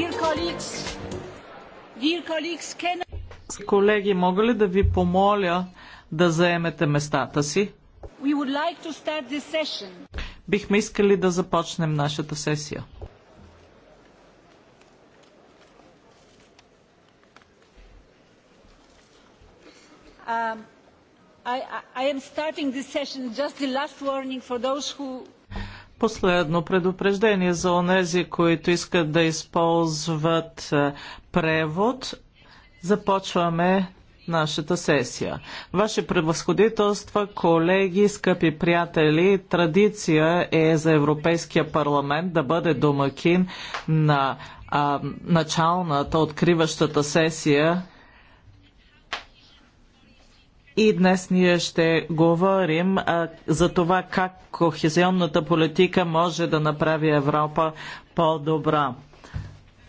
Dear colleagues, dear colleagues, can... Колеги, мога ли да ви помоля да заемете местата си? We would like to start this session. Бихме искали да започнем нашата сесия. Um, I, I am starting this session just the last warning for those who Последно предупреждение за онези, които искат да използват е, превод. Започваме нашата сесия. Ваше превъзходителства, колеги, скъпи приятели, традиция е за Европейския парламент да бъде домакин на а, началната, откриващата сесия и днес ние ще говорим а, за това как кохезионната политика може да направи Европа по-добра.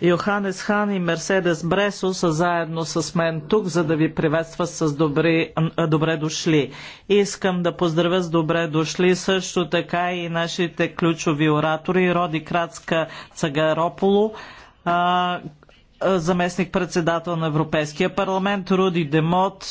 Йоханес Хан и Мерседес Бресо са заедно с мен тук, за да ви приветства с добри, добре дошли. Искам да поздравя с добре дошли също така и нашите ключови оратори Роди Крацка Цагарополо, заместник-председател на Европейския парламент, Руди Демот,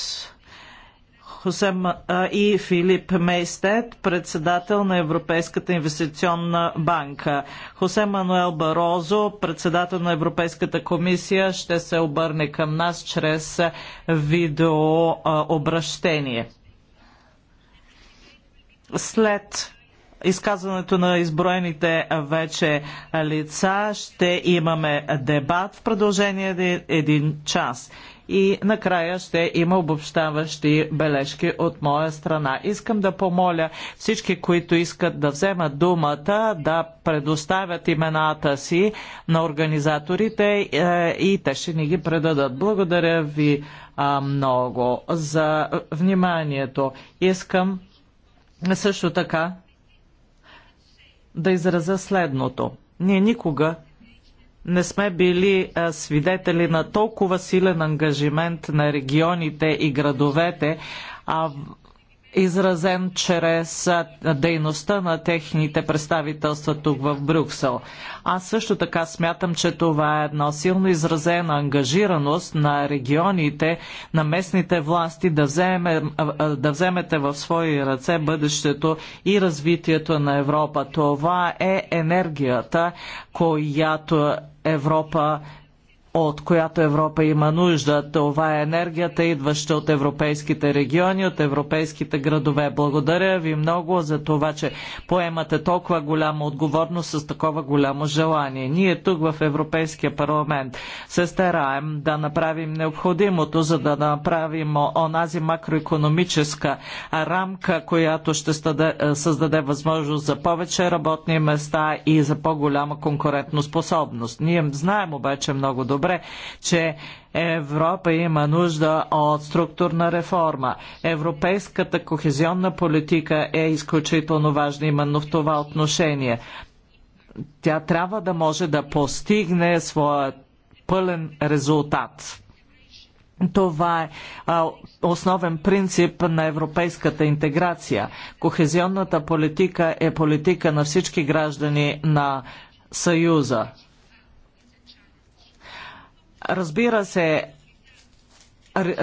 Хосем и Филип Мейстед, председател на Европейската инвестиционна банка. Хосе Мануел Барозо, председател на Европейската комисия, ще се обърне към нас чрез видеообращение. След изказването на изброените вече лица ще имаме дебат в продължение на един час и накрая ще има обобщаващи бележки от моя страна. Искам да помоля всички, които искат да вземат думата, да предоставят имената си на организаторите е, и те ще ни ги предадат. Благодаря ви много за вниманието. Искам също така да изразя следното. Ние никога не сме били свидетели на толкова силен ангажимент на регионите и градовете а изразен чрез дейността на техните представителства тук в Брюксел. Аз също така смятам, че това е една силно изразена ангажираност на регионите, на местните власти да, вземе, да вземете в свои ръце бъдещето и развитието на Европа. Това е енергията, която Европа от която Европа има нужда. Това е енергията, идваща от европейските региони, от европейските градове. Благодаря ви много за това, че поемате толкова голяма отговорност с такова голямо желание. Ние тук в Европейския парламент се стараем да направим необходимото, за да направим онази макроекономическа рамка, която ще е, създаде възможност за повече работни места и за по-голяма конкурентоспособност. Ние знаем обаче много добре, добре, че Европа има нужда от структурна реформа. Европейската кохезионна политика е изключително важна именно в това отношение. Тя трябва да може да постигне своя пълен резултат. Това е а, основен принцип на европейската интеграция. Кохезионната политика е политика на всички граждани на Съюза. Разбира се,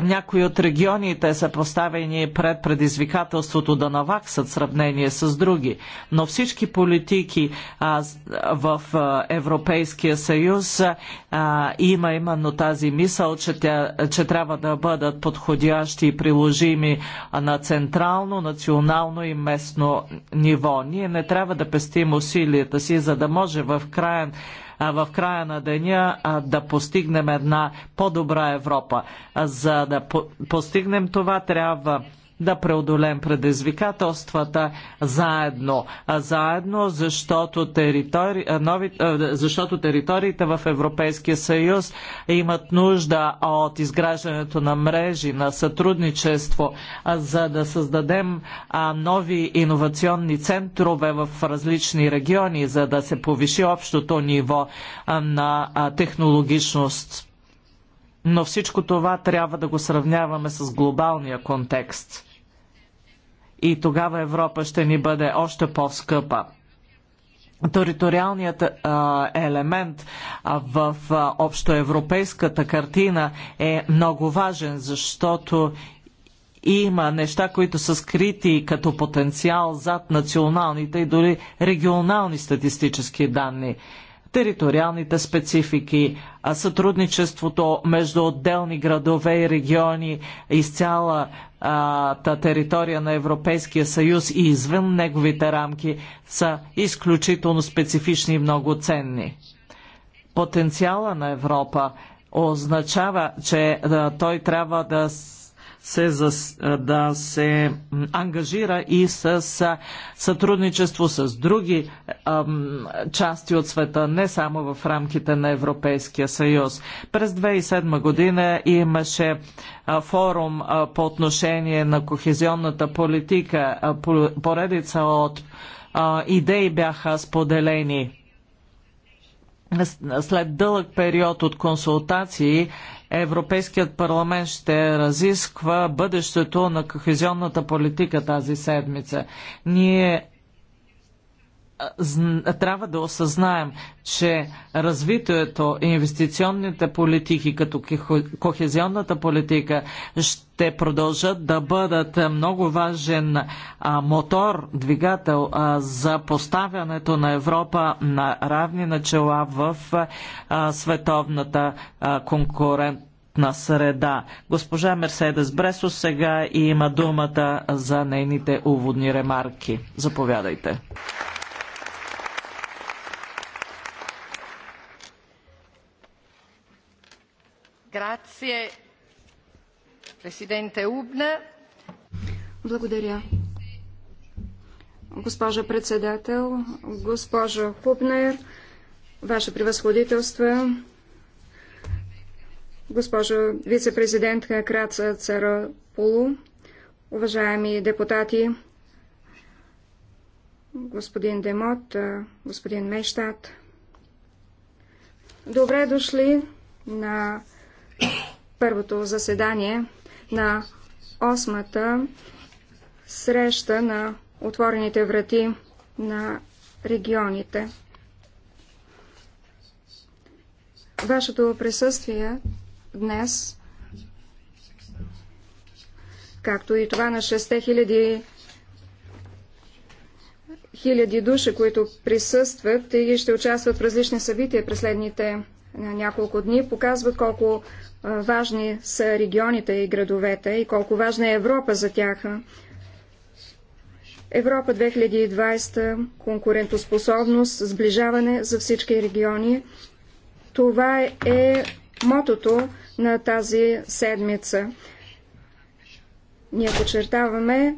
някои от регионите са поставени пред предизвикателството да наваксат сравнение с други, но всички политики а, в а, Европейския съюз а, има именно тази мисъл, че, тя, че трябва да бъдат подходящи и приложими на централно, национално и местно ниво. Ние не трябва да пестим усилията си, за да може в крайен в края на деня да постигнем една по-добра Европа. За да постигнем това трябва да преодолем предизвикателствата заедно. А заедно, защото, територи... нови... защото териториите в Европейския съюз имат нужда от изграждането на мрежи, на сътрудничество, за да създадем нови иновационни центрове в различни региони, за да се повиши общото ниво на технологичност но всичко това трябва да го сравняваме с глобалния контекст и тогава Европа ще ни бъде още по-скъпа териториалният елемент в общоевропейската картина е много важен, защото има неща, които са скрити като потенциал зад националните и дори регионални статистически данни териториалните специфики, сътрудничеството между отделни градове и региони из цялата територия на Европейския съюз и извън неговите рамки са изключително специфични и много ценни. Потенциала на Европа означава, че той трябва да се, да се ангажира и с сътрудничество с други ам, части от света, не само в рамките на Европейския съюз. През 2007 година имаше форум по отношение на кохезионната политика. Поредица от идеи бяха споделени. След дълъг период от консултации Европейският парламент ще разисква бъдещето на кохезионната политика тази седмица. Ние трябва да осъзнаем, че развитието и инвестиционните политики, като кохезионната политика, ще продължат да бъдат много важен мотор, двигател за поставянето на Европа на равни начала в световната конкурентна на среда. Госпожа Мерседес Бресо сега има думата за нейните уводни ремарки. Заповядайте. Благодаря. госпожо председател, госпожо Хубнер, ваше превъзходителство, госпожо вицепрезидентка Краца царапулу уважаеми депутати, господин Демот, господин Мештат. Добре дошли на първото заседание на осмата среща на отворените врати на регионите. Вашето присъствие днес, както и това на 6000 хиляди души, които присъстват и ще участват в различни събития през следните на няколко дни показват колко важни са регионите и градовете и колко важна е Европа за тях. Европа 2020, конкурентоспособност, сближаване за всички региони. Това е, е мотото на тази седмица. Ние подчертаваме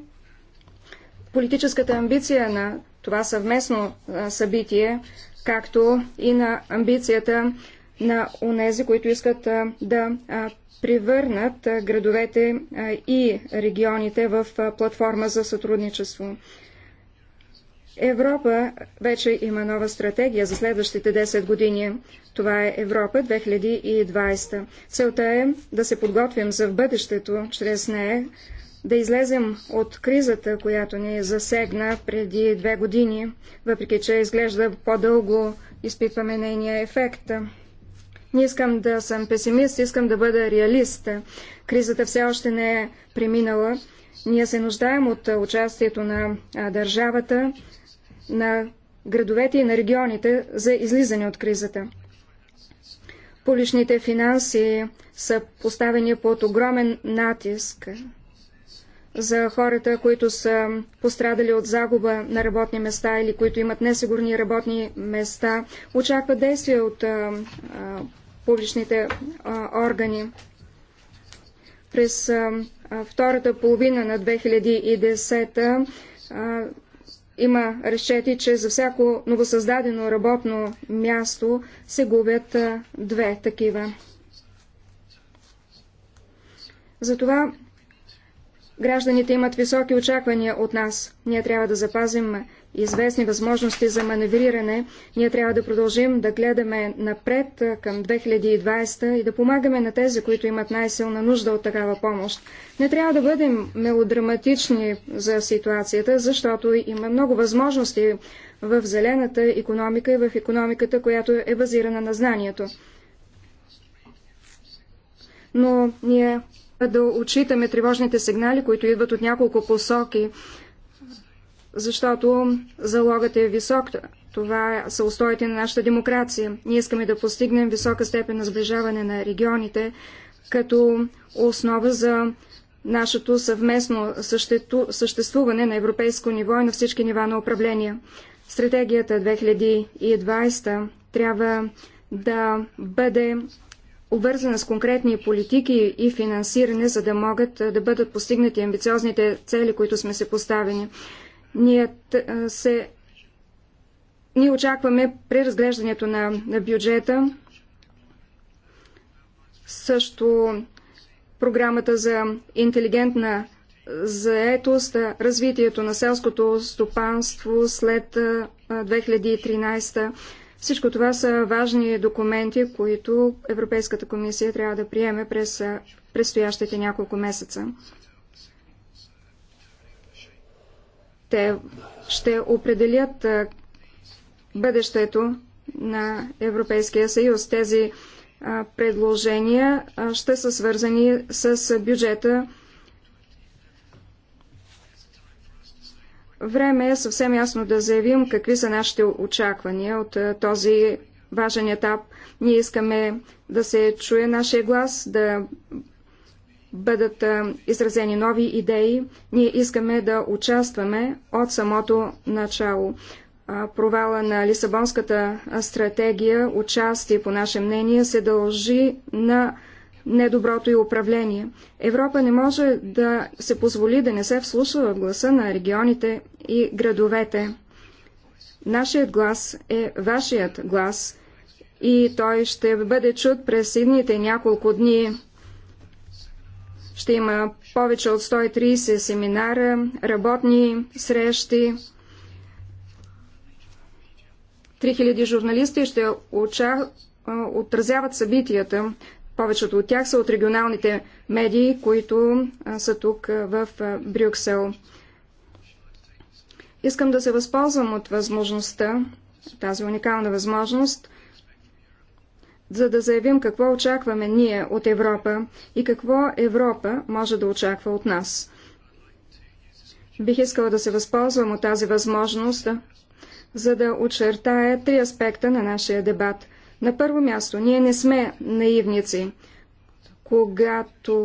политическата амбиция на това съвместно събитие, както и на амбицията на онези, които искат да превърнат градовете и регионите в платформа за сътрудничество. Европа вече има нова стратегия за следващите 10 години. Това е Европа 2020. Целта е да се подготвим за в бъдещето, чрез нея да излезем от кризата, която ни засегна преди две години, въпреки че изглежда по-дълго изпитваме нейния ефект. Не искам да съм песимист, искам да бъда реалист. Кризата все още не е преминала. Ние се нуждаем от участието на държавата, на градовете и на регионите за излизане от кризата. Публичните финанси са поставени под огромен натиск за хората, които са пострадали от загуба на работни места или които имат несигурни работни места, очаква действия от а, а, публичните а, органи. През а, втората половина на 2010 та има разчети, че за всяко новосъздадено работно място се губят а, две такива. Затова Гражданите имат високи очаквания от нас. Ние трябва да запазим известни възможности за маневриране. Ние трябва да продължим да гледаме напред към 2020 и да помагаме на тези, които имат най-силна нужда от такава помощ. Не трябва да бъдем мелодраматични за ситуацията, защото има много възможности в зелената економика и в економиката, която е базирана на знанието. Но ние да отчитаме тревожните сигнали, които идват от няколко посоки, защото залогът е висок. Това са устоите на нашата демокрация. Ние искаме да постигнем висока степен на сближаване на регионите като основа за нашето съвместно съществуване на европейско ниво и на всички нива на управление. Стратегията 2020 трябва да бъде обвързана с конкретни политики и финансиране, за да могат да бъдат постигнати амбициозните цели, които сме се поставени. Ние се ние очакваме при разглеждането на, на бюджета също програмата за интелигентна заетост, развитието на селското стопанство след 2013 всичко това са важни документи, които Европейската комисия трябва да приеме през предстоящите няколко месеца. Те ще определят бъдещето на Европейския съюз. Тези предложения ще са свързани с бюджета Време е съвсем ясно да заявим какви са нашите очаквания от е, този важен етап. Ние искаме да се чуе нашия глас, да бъдат е, изразени нови идеи. Ние искаме да участваме от самото начало. Е, провала на Лисабонската стратегия, участие, по наше мнение, се дължи на недоброто и управление. Европа не може да се позволи да не се вслушва в гласа на регионите и градовете. Нашият глас е вашият глас и той ще бъде чут през едните няколко дни. Ще има повече от 130 семинара, работни срещи. 3000 журналисти ще уча... отразяват събитията. Повечето от тях са от регионалните медии, които са тук в Брюксел. Искам да се възползвам от възможността, тази уникална възможност, за да заявим какво очакваме ние от Европа и какво Европа може да очаква от нас. Бих искала да се възползвам от тази възможност, за да очертая три аспекта на нашия дебат – на първо място, ние не сме наивници. Когато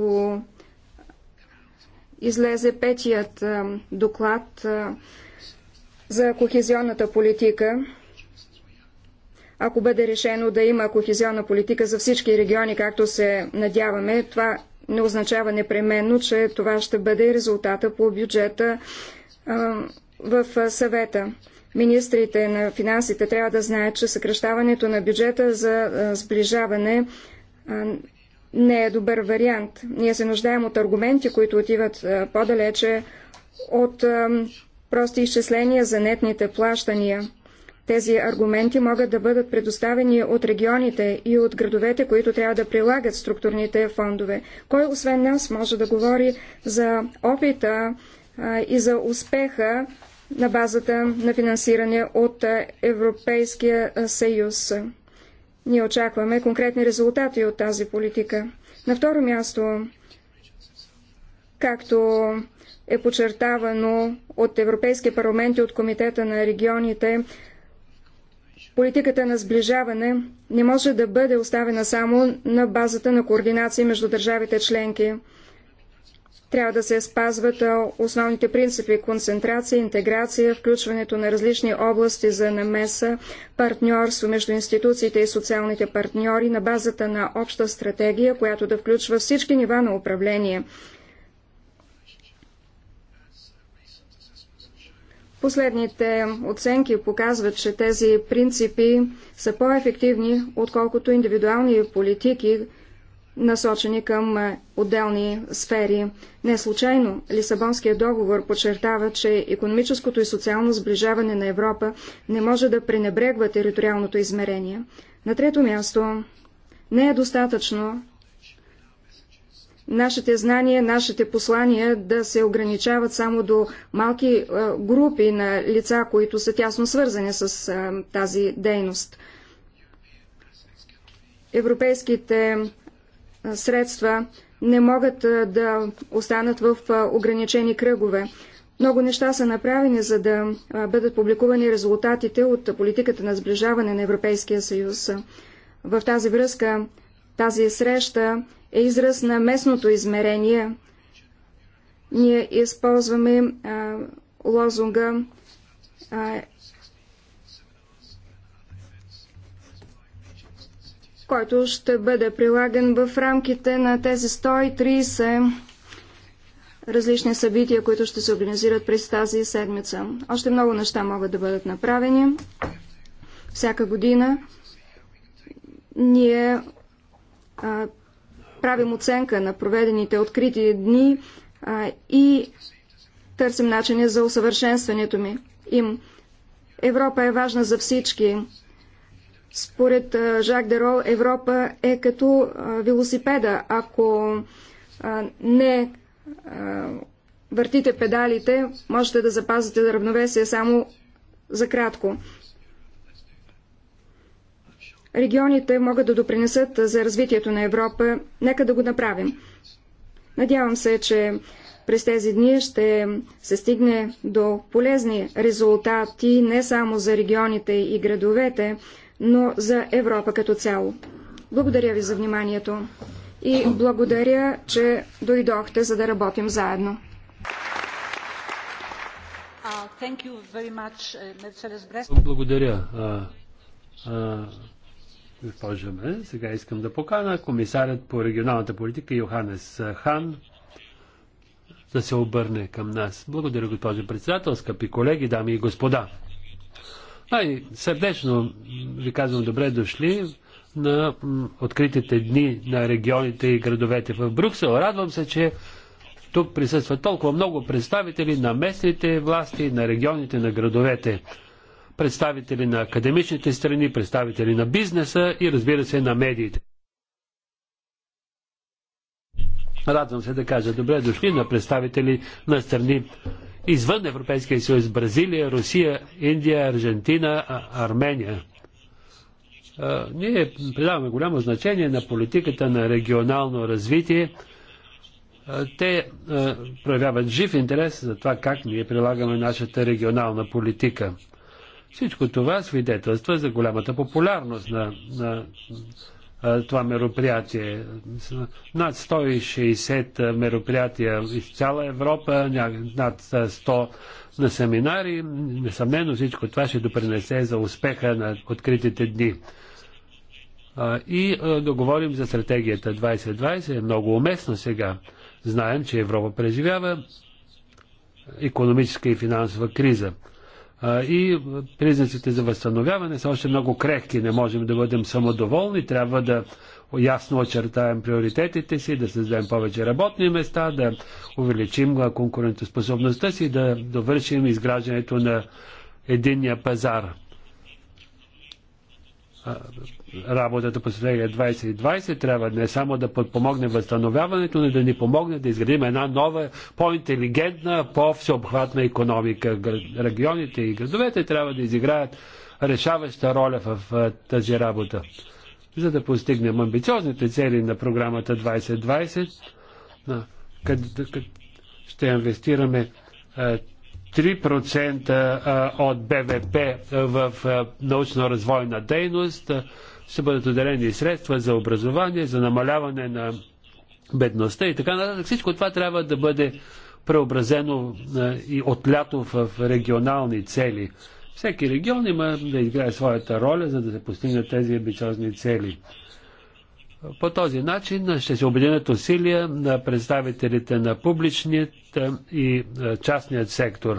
излезе петият доклад за кохезионната политика, ако бъде решено да има кохезионна политика за всички региони, както се надяваме, това не означава непременно, че това ще бъде резултата по бюджета в съвета. Министрите на финансите трябва да знаят, че съкръщаването на бюджета за сближаване не е добър вариант. Ние се нуждаем от аргументи, които отиват по-далече от прости изчисления за нетните плащания. Тези аргументи могат да бъдат предоставени от регионите и от градовете, които трябва да прилагат структурните фондове. Кой освен нас може да говори за опита и за успеха на базата на финансиране от Европейския съюз. Ние очакваме конкретни резултати от тази политика. На второ място, както е подчертавано от Европейския парламент и от Комитета на регионите, политиката на сближаване не може да бъде оставена само на базата на координация между държавите членки. Трябва да се спазват основните принципи – концентрация, интеграция, включването на различни области за намеса, партньорство между институциите и социалните партньори на базата на обща стратегия, която да включва всички нива на управление. Последните оценки показват, че тези принципи са по-ефективни, отколкото индивидуални политики – насочени към е, отделни сфери. Не случайно Лисабонският договор подчертава, че економическото и социално сближаване на Европа не може да пренебрегва териториалното измерение. На трето място, не е достатъчно нашите знания, нашите послания да се ограничават само до малки е, групи на лица, които са тясно свързани с е, тази дейност. Европейските средства не могат да останат в ограничени кръгове. Много неща са направени, за да бъдат публикувани резултатите от политиката на сближаване на Европейския съюз. В тази връзка тази среща е израз на местното измерение. Ние използваме а, лозунга а, който ще бъде прилаган в рамките на тези 130 различни събития, които ще се организират през тази седмица. Още много неща могат да бъдат направени. Всяка година ние а, правим оценка на проведените открити дни а, и търсим начини за усъвършенстването ми им. Европа е важна за всички. Според Жак Дерол, Европа е като велосипеда. Ако не въртите педалите, можете да запазите равновесие само за кратко. Регионите могат да допринесат за развитието на Европа. Нека да го направим. Надявам се, че през тези дни ще се стигне до полезни резултати не само за регионите и градовете, но за Европа като цяло. Благодаря ви за вниманието и благодаря, че дойдохте, за да работим заедно. Uh, uh, благодаря, uh, госпожа Мен. Сега искам да покана комисарят по регионалната политика Йоханес Хан да се обърне към нас. Благодаря, госпожо председател, скъпи колеги, дами и господа. Ай, сърдечно ви казвам добре дошли на откритите дни на регионите и градовете в Брюксел. Радвам се, че тук присъстват толкова много представители на местните власти, на регионите, на градовете, представители на академичните страни, представители на бизнеса и разбира се на медиите. Радвам се да кажа добре дошли на представители на страни извън Европейския съюз Бразилия, Русия, Индия, Аржентина, Армения. Ние придаваме голямо значение на политиката на регионално развитие. Те проявяват жив интерес за това как ние прилагаме нашата регионална политика. Всичко това свидетелства за голямата популярност на, на това мероприятие. Над 160 мероприятия из цяла Европа, над 100 на семинари. Несъмнено всичко това ще допринесе за успеха на откритите дни. И договорим за стратегията 2020 е много уместно сега. Знаем, че Европа преживява економическа и финансова криза и признаците за възстановяване са още много крехки. Не можем да бъдем самодоволни, трябва да ясно очертаем приоритетите си, да създадем повече работни места, да увеличим конкурентоспособността си, да довършим изграждането на единния пазар работата по стратегия 2020 трябва не само да подпомогне възстановяването, но да ни помогне да изградим една нова, по-интелигентна, по-всеобхватна економика. Регионите и градовете трябва да изиграят решаваща роля в тази работа. За да постигнем амбициозните цели на програмата 2020, къде ще инвестираме 3% от БВП в научно-развойна дейност. Ще бъдат отделени средства за образование, за намаляване на бедността и така нататък. Всичко това трябва да бъде преобразено и отлято в регионални цели. Всеки регион има да играе своята роля, за да се постигнат тези амбициозни цели. По този начин ще се объединят усилия на представителите на публичният и частният сектор.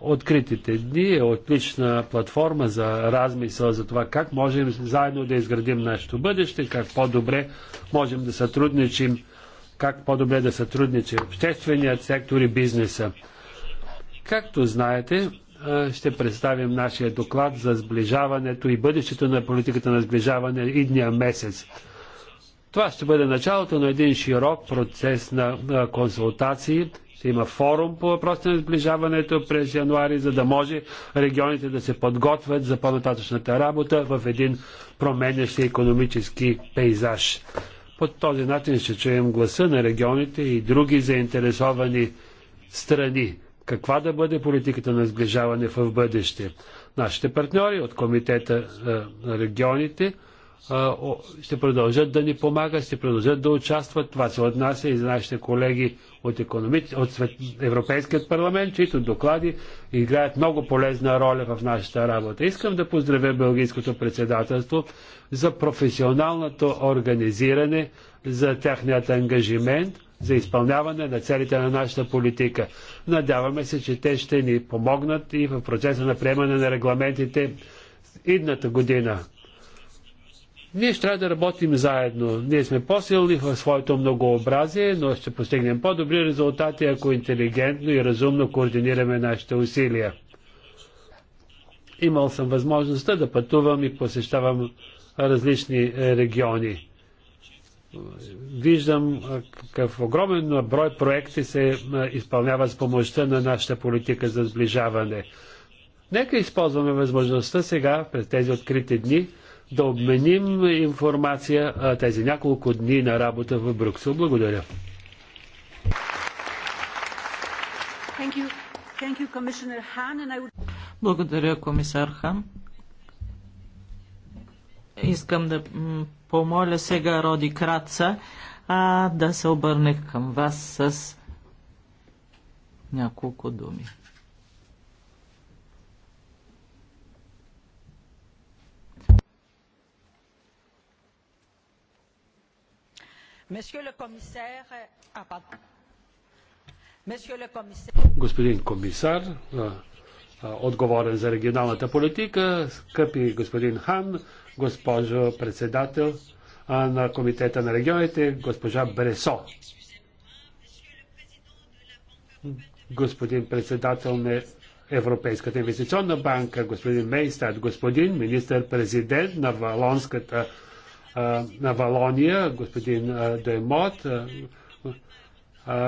Откритите дни е отлична платформа за размисъл за това как можем заедно да изградим нашето бъдеще, как по-добре можем да сътрудничим, как по-добре да сътрудничим общественият сектор и бизнеса. Както знаете, ще представим нашия доклад за сближаването и бъдещето на политиката на сближаване идния месец. Това ще бъде началото на един широк процес на консултации. Ще има форум по въпроса на сближаването през януари, за да може регионите да се подготвят за по-нататъчната работа в един променящ економически пейзаж. По този начин ще чуем гласа на регионите и други заинтересовани страни каква да бъде политиката на сближаване в бъдеще. Нашите партньори от Комитета е, на регионите е, ще продължат да ни помагат, ще продължат да участват. Това се отнася и за нашите колеги от, економи... от свет... Европейският парламент, чието доклади играят много полезна роля в нашата работа. Искам да поздравя Белгийското председателство за професионалното организиране, за тяхният ангажимент – за изпълняване на целите на нашата политика. Надяваме се, че те ще ни помогнат и в процеса на приемане на регламентите идната година. Ние ще трябва да работим заедно. Ние сме по-силни в своето многообразие, но ще постигнем по-добри резултати, ако интелигентно и разумно координираме нашите усилия. Имал съм възможността да пътувам и посещавам различни региони. Виждам какъв огромен брой проекти се изпълняват с помощта на нашата политика за сближаване. Нека използваме възможността сега, през тези открити дни, да обменим информация тези няколко дни на работа в Брюксел. Благодаря. Благодаря, комисар Хан. Искам да помоля сега Роди Краца а, да се обърне към вас с няколко думи. Ah, господин комисар, отговорен за регионалната политика, скъпи господин Хан, госпожо председател на Комитета на регионите, госпожа Бресо. Господин председател на Европейската инвестиционна банка, господин Мейстад, господин министър-президент на Валонската на Валония, господин Демот,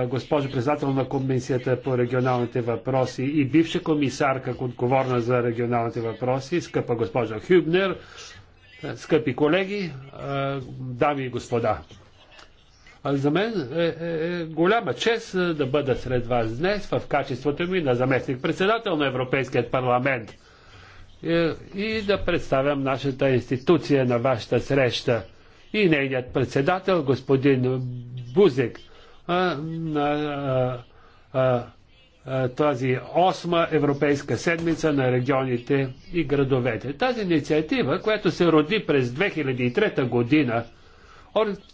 госпожо председател на Комисията по регионалните въпроси и бивша комисарка, отговорна за регионалните въпроси, скъпа госпожа Хюбнер, скъпи колеги, дами и господа. За мен е, е, е голяма чест да бъда сред вас днес в качеството ми на заместник-председател на Европейският парламент и, е, и да представям нашата институция на вашата среща и нейният председател, господин Бузик. А, а, а, тази осма Европейска седмица на регионите и градовете. Тази инициатива, която се роди през 2003 година,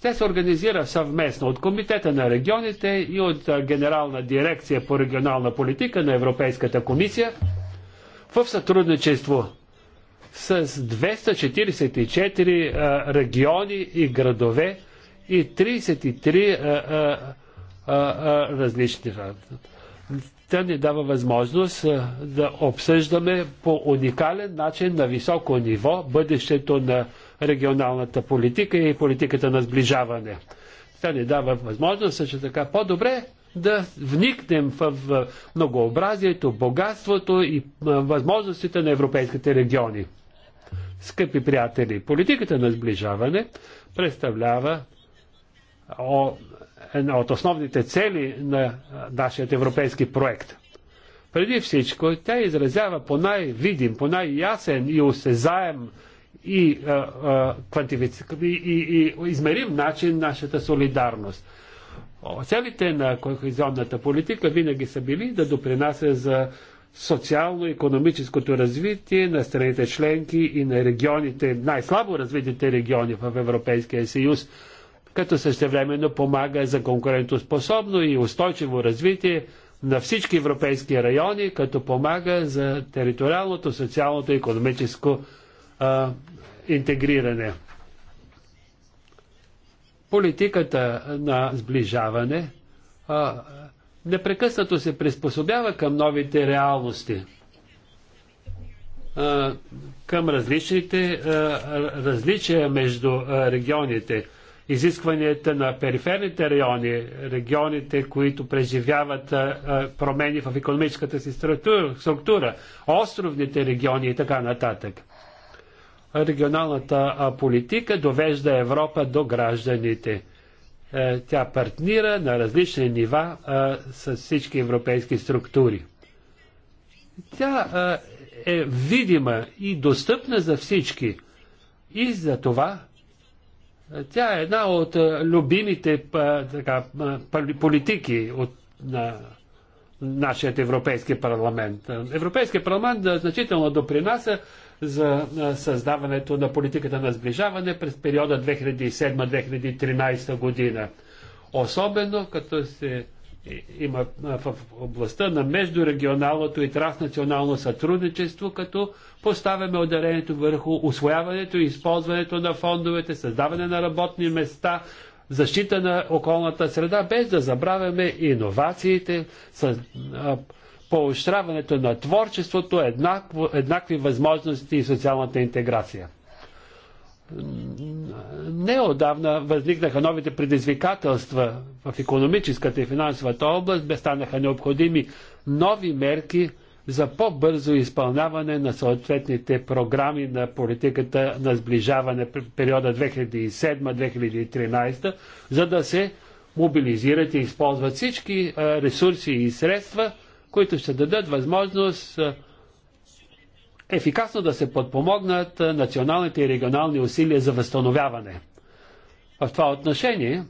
те се организира съвместно от Комитета на регионите и от Генерална дирекция по регионална политика на Европейската комисия в сътрудничество с 244 региони и градове и 33 различни а, различни тя ни дава възможност да обсъждаме по уникален начин на високо ниво бъдещето на регионалната политика и политиката на сближаване. Тя ни дава възможност също така по-добре да вникнем в многообразието, богатството и възможностите на европейските региони. Скъпи приятели, политиката на сближаване представлява е една от основните цели на нашия европейски проект. Преди всичко, тя изразява по най-видим, по най-ясен и осезаем и, а, а, и, и, и измерим начин нашата солидарност. Целите на кохезионната политика винаги са били да допринася за социално-економическото развитие на страните членки и на регионите, най-слабо развитите региони в Европейския съюз, като същевременно помага за конкурентоспособно и устойчиво развитие на всички европейски райони, като помага за териториалното, социалното и економическо а, интегриране. Политиката на сближаване а, непрекъснато се приспособява към новите реалности, а, към различните а, различия между а, регионите – изискванията на периферните райони, регионите, които преживяват промени в економическата си структура, островните региони и така нататък. Регионалната политика довежда Европа до гражданите. Е, тя партнира на различни нива с всички европейски структури. Тя е видима и достъпна за всички. И за това тя е една от любимите така, политики от, на нашия Европейски парламент. Европейския парламент значително допринася за създаването на политиката на сближаване през периода 2007-2013 година. Особено като се има в областта на междурегионалното и транснационално сътрудничество, като поставяме ударението върху освояването и използването на фондовете, създаване на работни места, защита на околната среда, без да забравяме иновациите, поощряването на творчеството, еднакво, еднакви възможности и социалната интеграция. Неодавна възникнаха новите предизвикателства в економическата и финансовата област, бе станаха необходими нови мерки за по-бързо изпълняване на съответните програми на политиката на сближаване в периода 2007-2013, за да се мобилизират и използват всички ресурси и средства, които ще дадат възможност ефикасно да се подпомогнат националните и регионални усилия за възстановяване. В това отношение,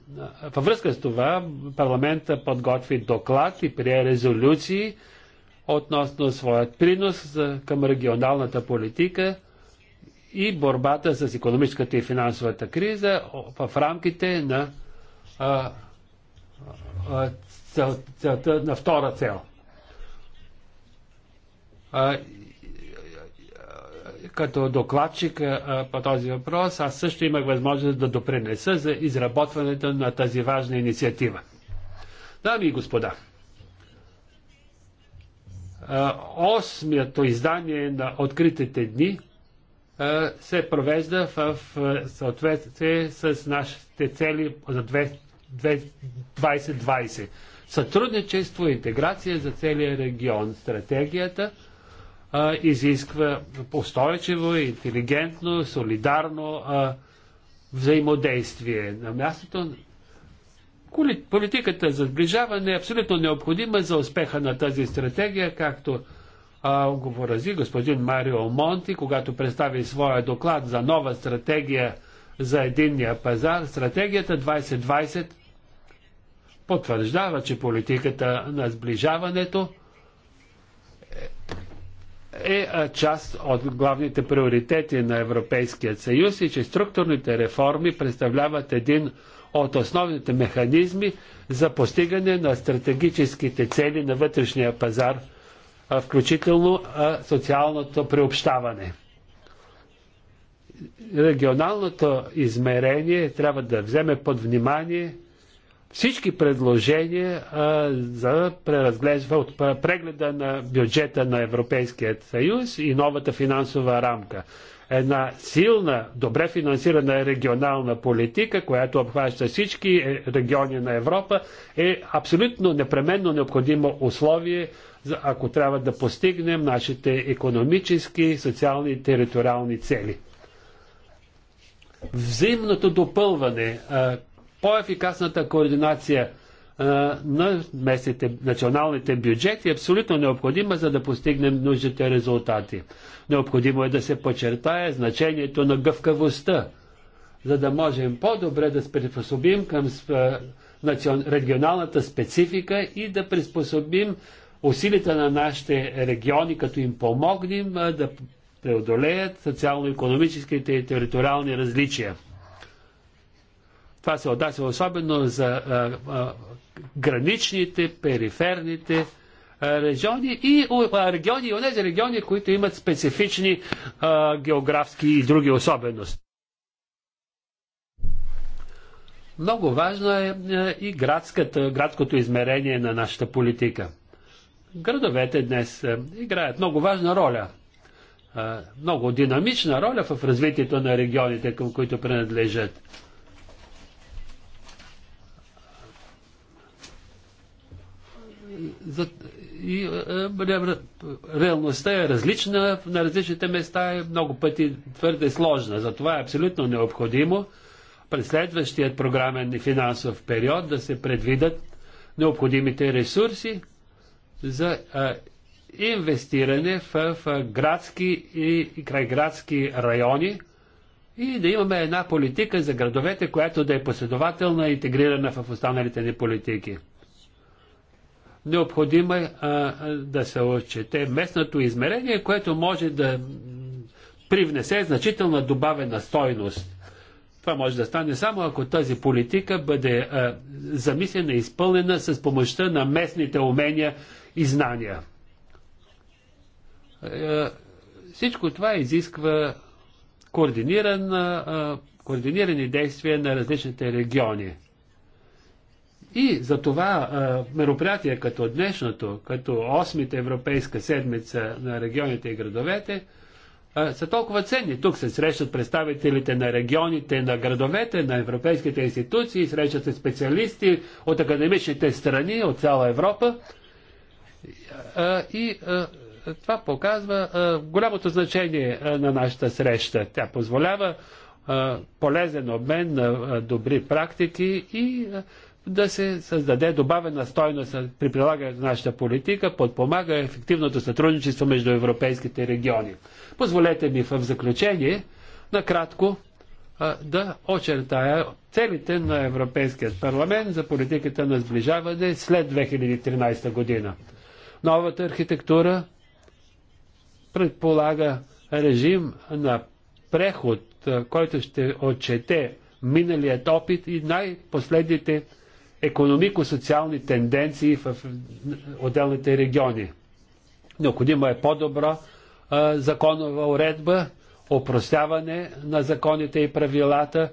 във връзка с това, парламента подготви доклад и прие резолюции относно своят принос към регионалната политика и борбата с економическата и финансовата криза в рамките на а, а, цел, на втора цел. А, като докладчик по този въпрос, аз също имах възможност да допринеса за изработването на тази важна инициатива. Дами и господа, осмието издание на Откритите дни се провежда в съответствие с нашите цели за 2020. Сътрудничество и интеграция за целия регион. Стратегията – а, изисква устойчиво, интелигентно, солидарно а, взаимодействие. На мястото политиката за сближаване е абсолютно необходима за успеха на тази стратегия, както а, го порази господин Марио Монти, когато представи своя доклад за нова стратегия за единния пазар. Стратегията 2020 потвърждава, че политиката на сближаването е, е част от главните приоритети на Европейския съюз и че структурните реформи представляват един от основните механизми за постигане на стратегическите цели на вътрешния пазар, включително социалното приобщаване. Регионалното измерение трябва да вземе под внимание всички предложения а, за прегледа на бюджета на Европейският съюз и новата финансова рамка. Една силна, добре финансирана регионална политика, която обхваща всички е, региони на Европа, е абсолютно непременно необходимо условие, ако трябва да постигнем нашите економически, социални и териториални цели взаимното допълване, по-ефикасната координация на местните, националните бюджети е абсолютно необходима, за да постигнем нужните резултати. Необходимо е да се подчертае значението на гъвкавостта, за да можем по-добре да се приспособим към регионалната специфика и да приспособим усилите на нашите региони, като им помогнем да преодолеят социално-економическите и териториални различия. Това се отнася особено за а, а, граничните, периферните а, региони и а, региони онези региони, които имат специфични а, географски и други особености. Много важно е, е и градската, градското измерение на нашата политика. Градовете днес е, играят много важна роля, е, много динамична роля в развитието на регионите, към които принадлежат. за, и, и, е, е, е, реалността е различна на различните места е много пъти твърде сложна. Затова е абсолютно необходимо през следващият програмен и финансов период да се предвидат необходимите ресурси за а, инвестиране в, в градски и, и крайградски райони и да имаме една политика за градовете, която да е последователна и интегрирана в останалите ни политики необходимо е да се отчете местното измерение, което може да привнесе значителна добавена стойност. Това може да стане само ако тази политика бъде а, замислена и изпълнена с помощта на местните умения и знания. А, е, всичко това изисква координиран, а, координирани действия на различните региони. И за това мероприятия като днешното, като 8-та Европейска седмица на регионите и градовете, са толкова ценни. Тук се срещат представителите на регионите, на градовете, на европейските институции, срещат се специалисти от академичните страни, от цяла Европа. И това показва голямото значение на нашата среща. Тя позволява полезен обмен на добри практики и да се създаде добавена стойност при прилагането на нашата политика, подпомага ефективното сътрудничество между европейските региони. Позволете ми в заключение накратко да очертая целите на Европейският парламент за политиката на сближаване след 2013 година. Новата архитектура предполага режим на преход, който ще отчете миналият опит и най-последните економико-социални тенденции в отделните региони. Необходимо е по-добра законова уредба, опростяване на законите и правилата,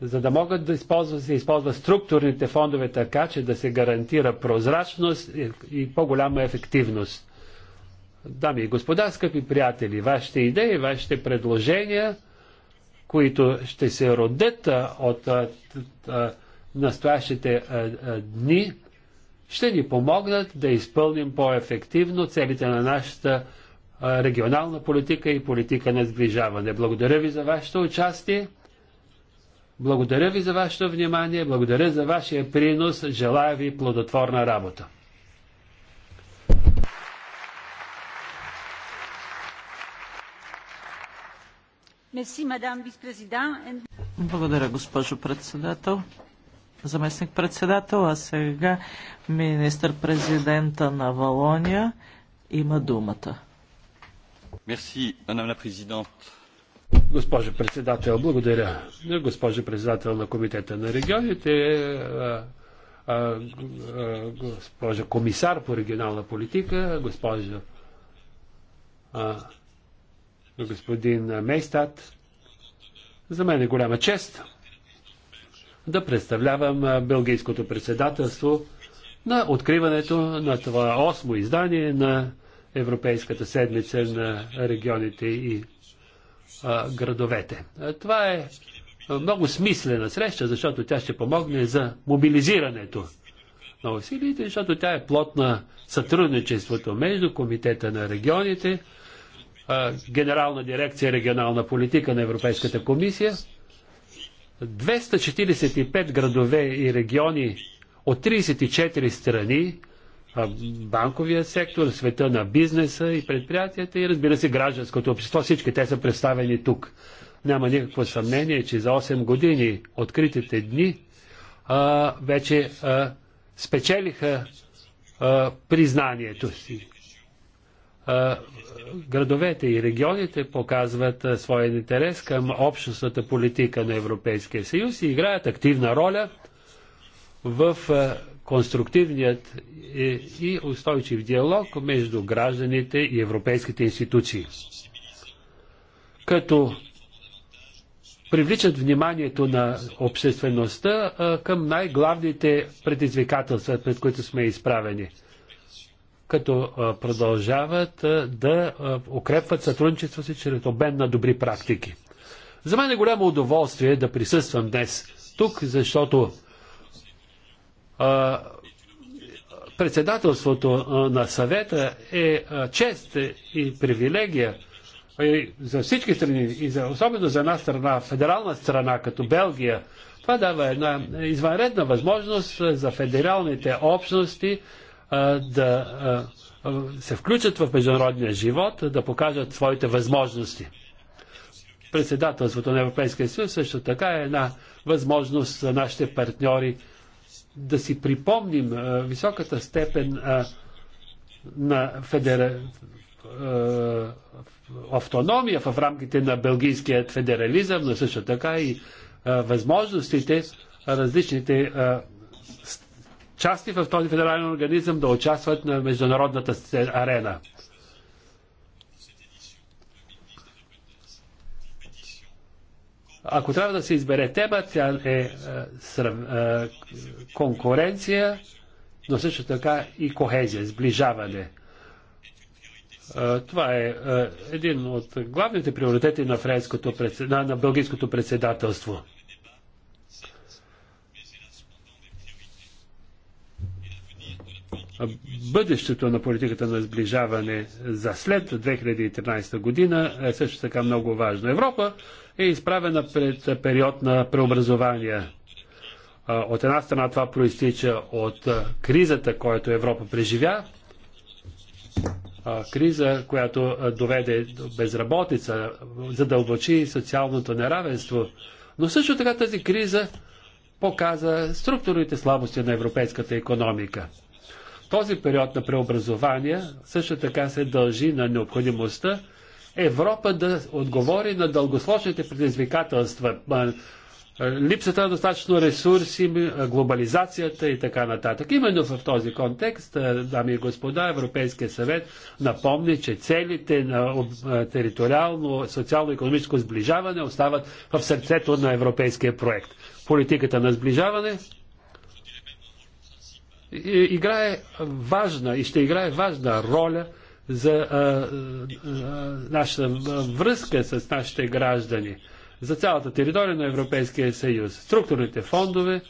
за да могат да използват, се използват структурните фондове така, че да се гарантира прозрачност и, по-голяма ефективност. Дами и господа, скъпи приятели, вашите идеи, вашите предложения, които ще се родят от, от, от настоящите дни ще ни помогнат да изпълним по-ефективно целите на нашата регионална политика и политика на сближаване. Благодаря ви за вашето участие. Благодаря ви за вашето внимание. Благодаря за вашия принос. Желая ви плодотворна работа. Благодаря, госпожо председател заместник-председател, а сега министър-президента на Валония има думата. Мерси, мадам президент. Госпожо председател, благодаря. Госпожо председател на Комитета на регионите, е, е, е, госпожа комисар по регионална политика, госпожа господин Мейстат. За мен е голяма чест да представлявам Белгийското председателство на откриването на това осмо издание на Европейската седмица на регионите и а, градовете. Това е много смислена среща, защото тя ще помогне за мобилизирането на усилиите, защото тя е плод на сътрудничеството между Комитета на регионите, Генерална дирекция регионална политика на Европейската комисия 245 градове и региони от 34 страни, банковия сектор, света на бизнеса и предприятията и разбира се гражданското общество, всички те са представени тук. Няма никакво съмнение, че за 8 години откритите дни а, вече а, спечелиха а, признанието си градовете и регионите показват своя интерес към общностната политика на Европейския съюз и играят активна роля в конструктивният е, и устойчив диалог между гражданите и европейските институции. Като привличат вниманието на обществеността към най-главните предизвикателства, пред които сме изправени – като продължават да укрепват сътрудничеството си чрез обмен на добри практики. За мен е голямо удоволствие да присъствам днес тук, защото а, председателството на съвета е чест и привилегия и за всички страни, и за, особено за една страна, федерална страна като Белгия. Това дава една извънредна възможност за федералните общности да се включат в международния живот, да покажат своите възможности. Председателството на Европейския съюз също така е една възможност за нашите партньори да си припомним високата степен на федера... автономия в рамките на белгийският федерализъм, но също така и възможностите различните части в този федерален организъм да участват на международната арена. Ако трябва да се избере тема, тя е, е, е конкуренция, но също така и кохезия, сближаване. Е, това е един от главните приоритети на, на, на бългийското председателство. бъдещето на политиката на сближаване за след 2013 година е също така много важно. Европа е изправена пред период на преобразование. От една страна това проистича от кризата, която Европа преживя, криза, която доведе до безработица, задълбочи социалното неравенство. Но също така тази криза показа структурните слабости на европейската економика. Този период на преобразование също така се дължи на необходимостта Европа да отговори на дългосрочните предизвикателства, липсата на достатъчно ресурси, глобализацията и така нататък. Именно в този контекст, дами и господа, Европейския съвет напомни, че целите на териториално, социално-економическо сближаване остават в сърцето на европейския проект. Политиката на сближаване играе важна и ще играе важна роля за а, а, нашата връзка с нашите граждани, за цялата територия на Европейския съюз. Структурните фондове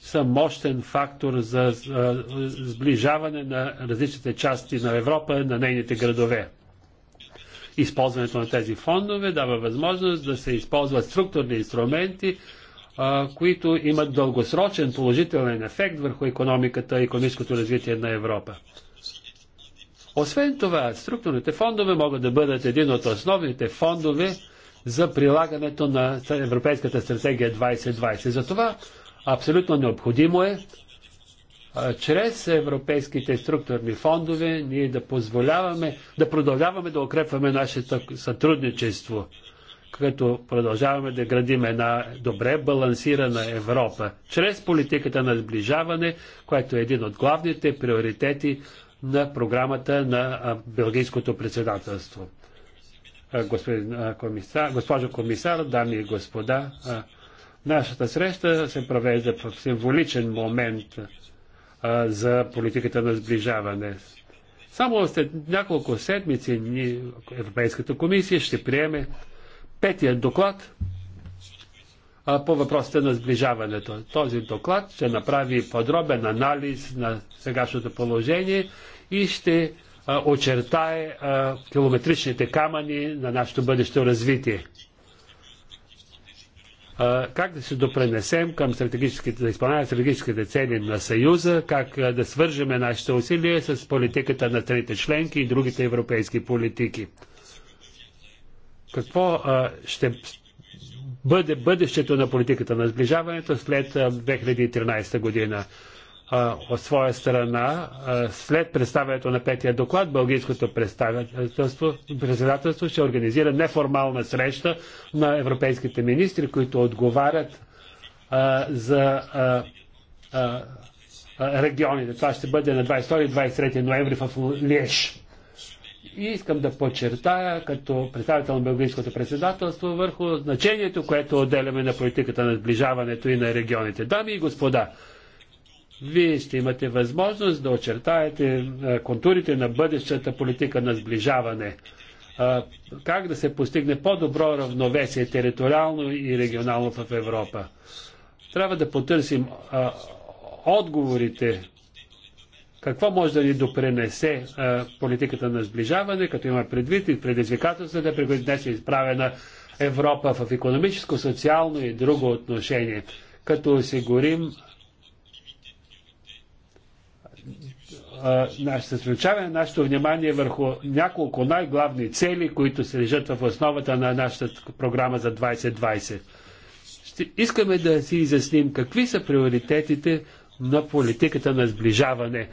са мощен фактор за а, сближаване на различните части на Европа, на нейните градове. Използването на тези фондове дава възможност да се използват структурни инструменти, които имат дългосрочен положителен ефект върху економиката и економическото развитие на Европа. Освен това, структурните фондове могат да бъдат един от основните фондове за прилагането на Европейската стратегия 2020. Затова абсолютно необходимо е чрез европейските структурни фондове ние да позволяваме, да продължаваме да укрепваме нашето сътрудничество като продължаваме да градим една добре балансирана Европа, чрез политиката на сближаване, което е един от главните приоритети на програмата на Белгийското председателство. Господин комисар, госпожо комисар, дами и господа, нашата среща се провежда в символичен момент за политиката на сближаване. Само след няколко седмици Европейската комисия ще приеме петият доклад по въпросите на сближаването. Този доклад ще направи подробен анализ на сегашното положение и ще очертае километричните камъни на нашето бъдещо развитие. Как да се допренесем към стратегическите, да изпълняваме стратегическите цели на Съюза, как да свържеме нашите усилия с политиката на трите членки и другите европейски политики какво ще бъде бъдещето на политиката на сближаването след 2013 година. От своя страна, след представянето на петия доклад, Бългийското председателство ще организира неформална среща на европейските министри, които отговарят а, за а, а, регионите. Това ще бъде на 22-23 ноември в Лиеш. И искам да подчертая, като представител на Белгийското председателство, върху значението, което отделяме на политиката на сближаването и на регионите. Дами и господа, вие ще имате възможност да очертаете е, контурите на бъдещата политика на сближаване. Как да се постигне по-добро равновесие териториално и регионално в Европа. Трябва да потърсим отговорите какво може да ни допренесе а, политиката на сближаване, като има предвид и предизвикателствата, при които днес е изправена Европа в економическо, социално и друго отношение, като осигурим съсредоточаване на нашето внимание върху няколко най-главни цели, които се лежат в основата на нашата програма за 2020. Ще искаме да си изясним какви са приоритетите на политиката на сближаване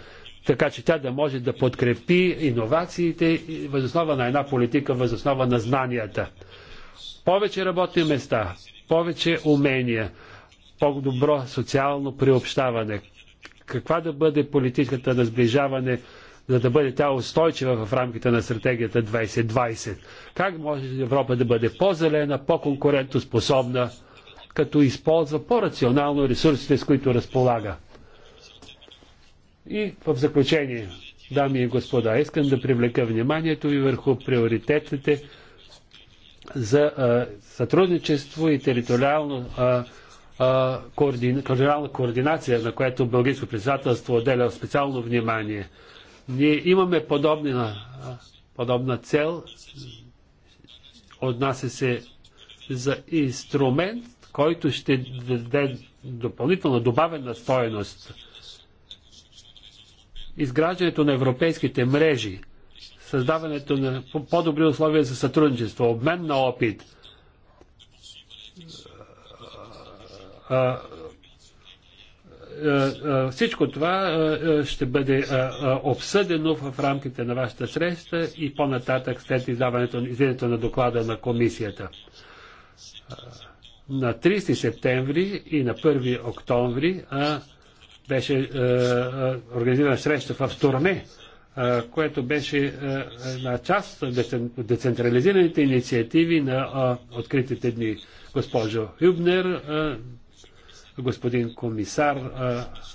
така че тя да може да подкрепи иновациите възоснова на една политика, възоснова на знанията. Повече работни места, повече умения, по-добро социално приобщаване. Каква да бъде политиката на сближаване, за да бъде тя устойчива в рамките на стратегията 2020? Как може Европа да бъде по-зелена, по-конкурентоспособна, като използва по-рационално ресурсите, с които разполага? И в заключение, дами и господа, искам да привлека вниманието ви върху приоритетите за а, сътрудничество и териториално а, а, координа, координална координация, на което Българско председателство отделя специално внимание. Ние имаме подобна, подобна цел, отнася се за инструмент, който ще даде допълнителна добавена стоеност изграждането на европейските мрежи, създаването на по-добри условия за сътрудничество, обмен на опит, всичко това ще бъде обсъдено в рамките на вашата среща и по-нататък след издаването излизането на доклада на комисията. На 30 септември и на 1 октомври беше е, е, организирана среща в Турне, е, което беше е, на част от децентрализираните инициативи на е, откритите дни. Госпожо Хюбнер, е, господин комисар е,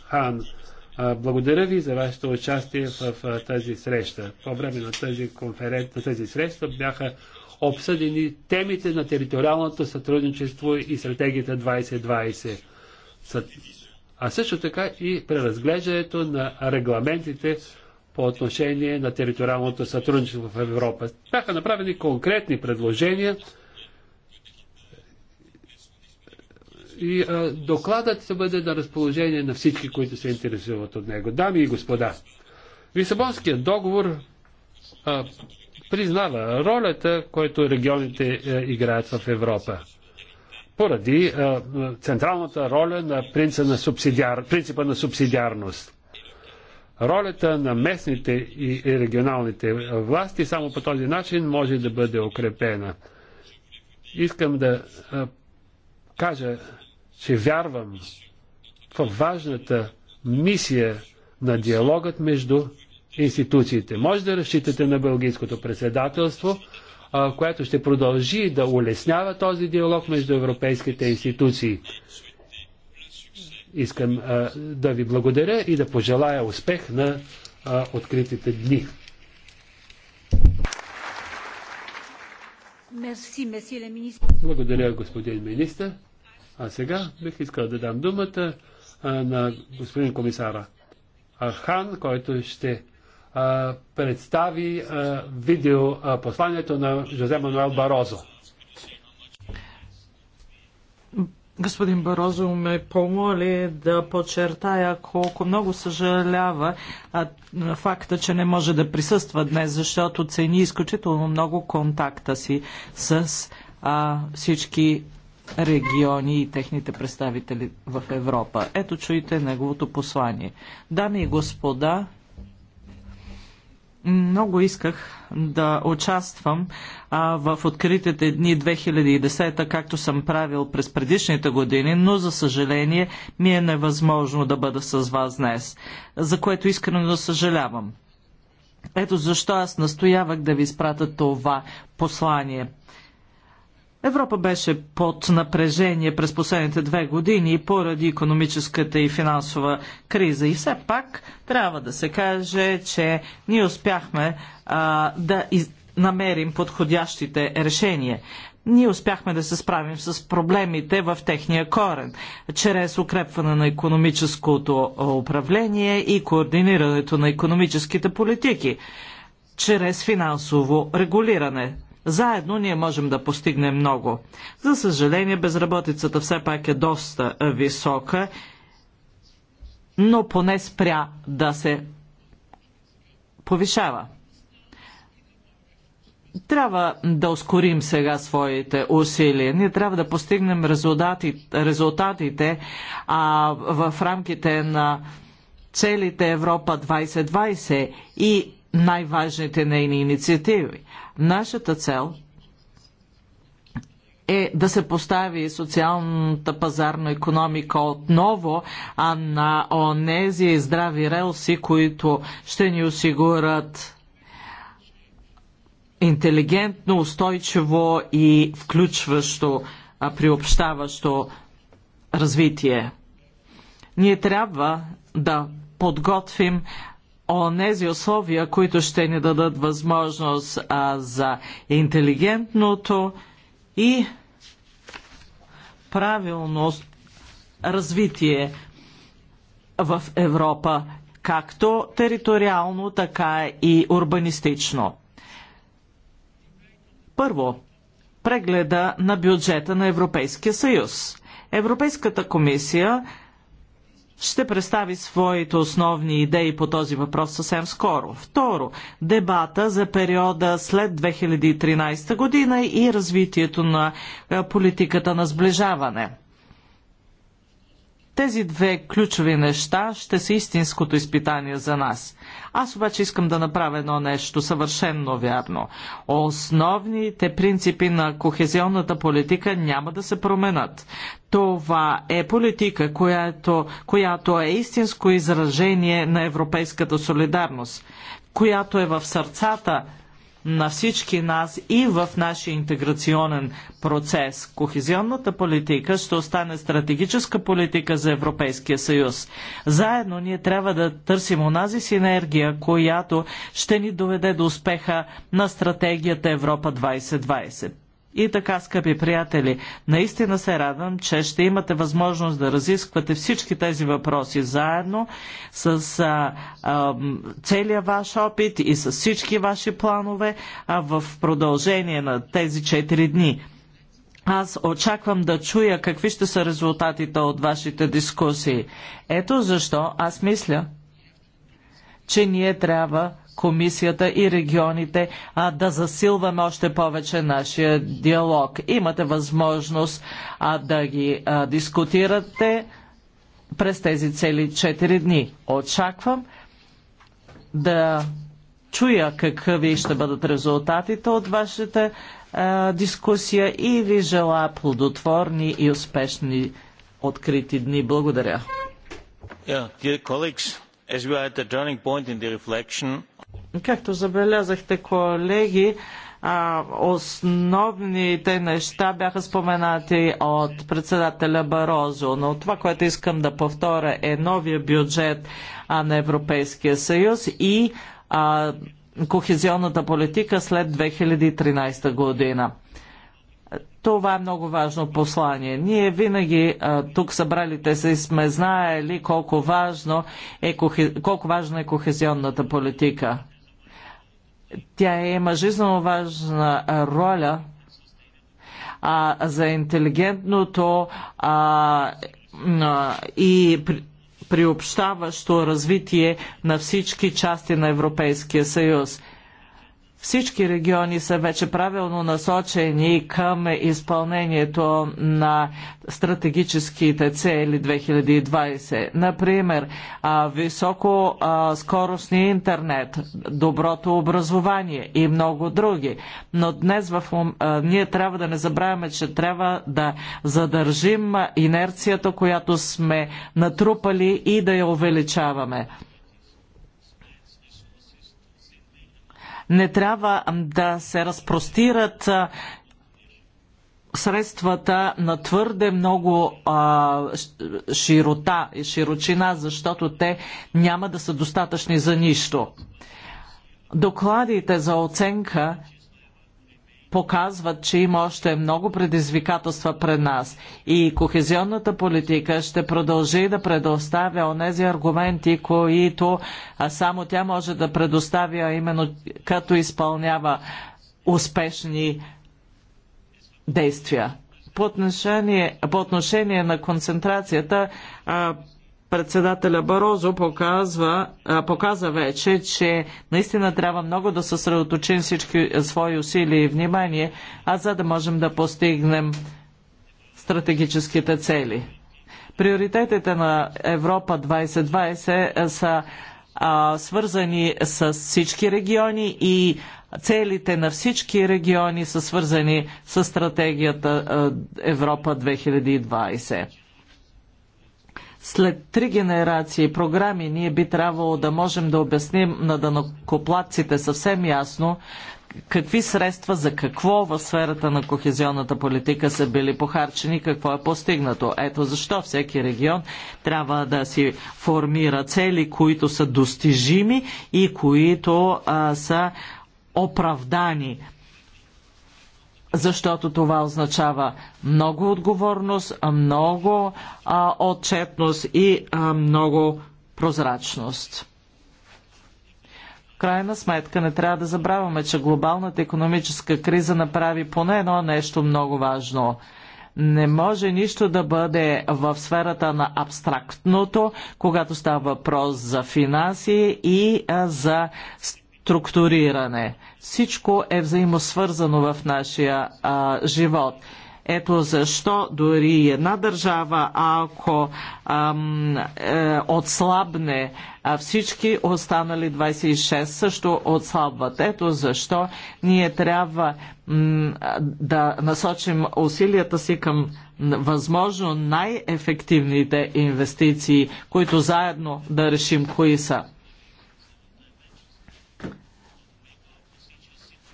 Хан, е, благодаря ви за вашето участие в, е, тази среща. По време на тази, конферен... на тази среща бяха обсъдени темите на териториалното сътрудничество и стратегията 2020 а също така и преразглеждането на регламентите по отношение на териториалното сътрудничество в Европа. Бяха направени конкретни предложения и а, докладът ще бъде на разположение на всички, които се интересуват от него. Дами и господа, Лисабонският договор а, признава ролята, която регионите а, е, играят в Европа поради е, централната роля на принципа на, субсидиар, принципа на субсидиарност. Ролята на местните и регионалните власти само по този начин може да бъде укрепена. Искам да е, кажа, че вярвам в важната мисия на диалогът между институциите. Може да разчитате на Бългийското председателство която ще продължи да улеснява този диалог между европейските институции. Искам да ви благодаря и да пожелая успех на откритите дни. Благодаря, господин министр. А сега бих искал да дам думата на господин комисара Архан, който ще а, представи а, видео а, посланието на Жозе Мануел Барозо. Господин Барозо ме помоли да подчертая колко много съжалява факта, че не може да присъства днес, защото цени изключително много контакта си с а, всички региони и техните представители в Европа. Ето чуйте неговото послание. Дами и господа, много исках да участвам а, в откритите дни 2010, както съм правил през предишните години, но за съжаление ми е невъзможно да бъда с вас днес, за което искрено да съжалявам. Ето защо аз настоявах да ви изпратя това послание. Европа беше под напрежение през последните две години поради економическата и финансова криза. И все пак трябва да се каже, че ние успяхме а, да из... намерим подходящите решения. Ние успяхме да се справим с проблемите в техния корен, чрез укрепване на економическото управление и координирането на економическите политики, чрез финансово регулиране заедно ние можем да постигнем много. За съжаление, безработицата все пак е доста висока, но поне спря да се повишава. Трябва да ускорим сега своите усилия. Ние трябва да постигнем резултатите а, в рамките на целите Европа 2020 и най-важните нейни инициативи. Нашата цел е да се постави социалната пазарна економика отново а на онези здрави релси, които ще ни осигурят интелигентно, устойчиво и включващо, приобщаващо развитие. Ние трябва да подготвим онези условия, които ще ни дадат възможност а, за интелигентното и правилно развитие в Европа, както териториално, така и урбанистично. Първо, прегледа на бюджета на Европейския съюз. Европейската комисия ще представи своите основни идеи по този въпрос съвсем скоро. Второ, дебата за периода след 2013 година и развитието на е, политиката на сближаване – тези две ключови неща ще са истинското изпитание за нас. Аз обаче искам да направя едно нещо съвършенно вярно. Основните принципи на кохезионната политика няма да се променят. Това е политика, която, която е истинско изражение на европейската солидарност, която е в сърцата на всички нас и в нашия интеграционен процес. Кохезионната политика ще остане стратегическа политика за Европейския съюз. Заедно ние трябва да търсим онази синергия, която ще ни доведе до успеха на стратегията Европа 2020. И така, скъпи приятели, наистина се радвам, че ще имате възможност да разисквате всички тези въпроси заедно с а, а, целият ваш опит и с всички ваши планове а, в продължение на тези 4 дни. Аз очаквам да чуя какви ще са резултатите от вашите дискусии. Ето защо аз мисля, че ние трябва комисията и регионите, а да засилваме още повече нашия диалог. Имате възможност а, да ги а, дискутирате през тези цели 4 дни. Очаквам да чуя какви ще бъдат резултатите от вашата а, дискусия и ви желая плодотворни и успешни открити дни. Благодаря. Yeah, Както забелязахте, колеги, основните неща бяха споменати от председателя Барозо, но това, което искам да повторя е новия бюджет на Европейския съюз и кохезионната политика след 2013 година. Това е много важно послание. Ние винаги а, тук събралите се сме знаели колко, важно е, колко важна е кохезионната политика. Тя има жизненно важна роля а, за интелигентното а, а, и приобщаващо развитие на всички части на Европейския съюз. Всички региони са вече правилно насочени към изпълнението на стратегическите цели 2020. Например, високо скоростни интернет, доброто образование и много други. Но днес в, ние трябва да не забравяме, че трябва да задържим инерцията, която сме натрупали и да я увеличаваме. Не трябва да се разпростират средствата на твърде много а, широта и широчина, защото те няма да са достатъчни за нищо. Докладите за оценка показват, че има още много предизвикателства пред нас и кохезионната политика ще продължи да предоставя онези аргументи, които само тя може да предоставя именно като изпълнява успешни действия. По отношение, по отношение на концентрацията, председателя Барозо показва, показа вече, че наистина трябва много да съсредоточим всички свои усилия и внимание, а за да можем да постигнем стратегическите цели. Приоритетите на Европа 2020 са а, свързани с всички региони и целите на всички региони са свързани с стратегията Европа 2020 след три генерации програми ние би трябвало да можем да обясним на данокоплатците съвсем ясно какви средства за какво в сферата на кохезионната политика са били похарчени, какво е постигнато. Ето защо всеки регион трябва да си формира цели, които са достижими и които а, са оправдани защото това означава много отговорност, много а, отчетност и а, много прозрачност. В крайна сметка не трябва да забравяме, че глобалната економическа криза направи поне едно нещо много важно. Не може нищо да бъде в сферата на абстрактното, когато става въпрос за финанси и а, за структуриране. Всичко е взаимосвързано в нашия а, живот. Ето защо дори една държава, ако ам, е, отслабне, а всички останали 26 също отслабват. Ето защо ние трябва м, да насочим усилията си към възможно най-ефективните инвестиции, които заедно да решим кои са.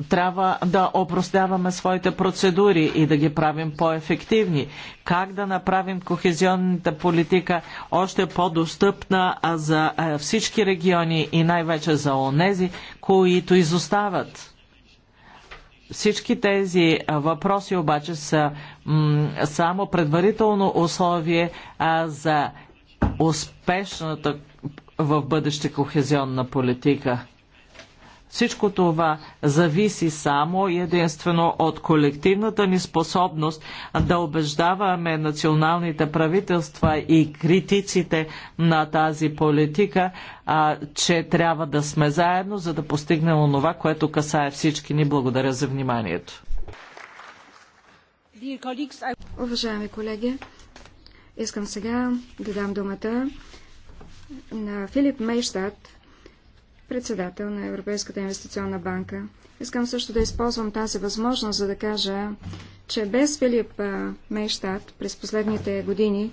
трябва да опростяваме своите процедури и да ги правим по-ефективни. Как да направим кохезионната политика още по-достъпна за всички региони и най-вече за онези, които изостават? Всички тези въпроси обаче са само предварително условие а, за успешната в бъдеще кохезионна политика. Всичко това зависи само и единствено от колективната ни способност да убеждаваме националните правителства и критиците на тази политика, а, че трябва да сме заедно, за да постигнем онова, което касае всички ни. Благодаря за вниманието. Уважаеми колеги, искам сега да дам думата на Филип Мейштадт, председател на Европейската инвестиционна банка. Искам също да използвам тази възможност, за да кажа, че без Филип Мейштад през последните години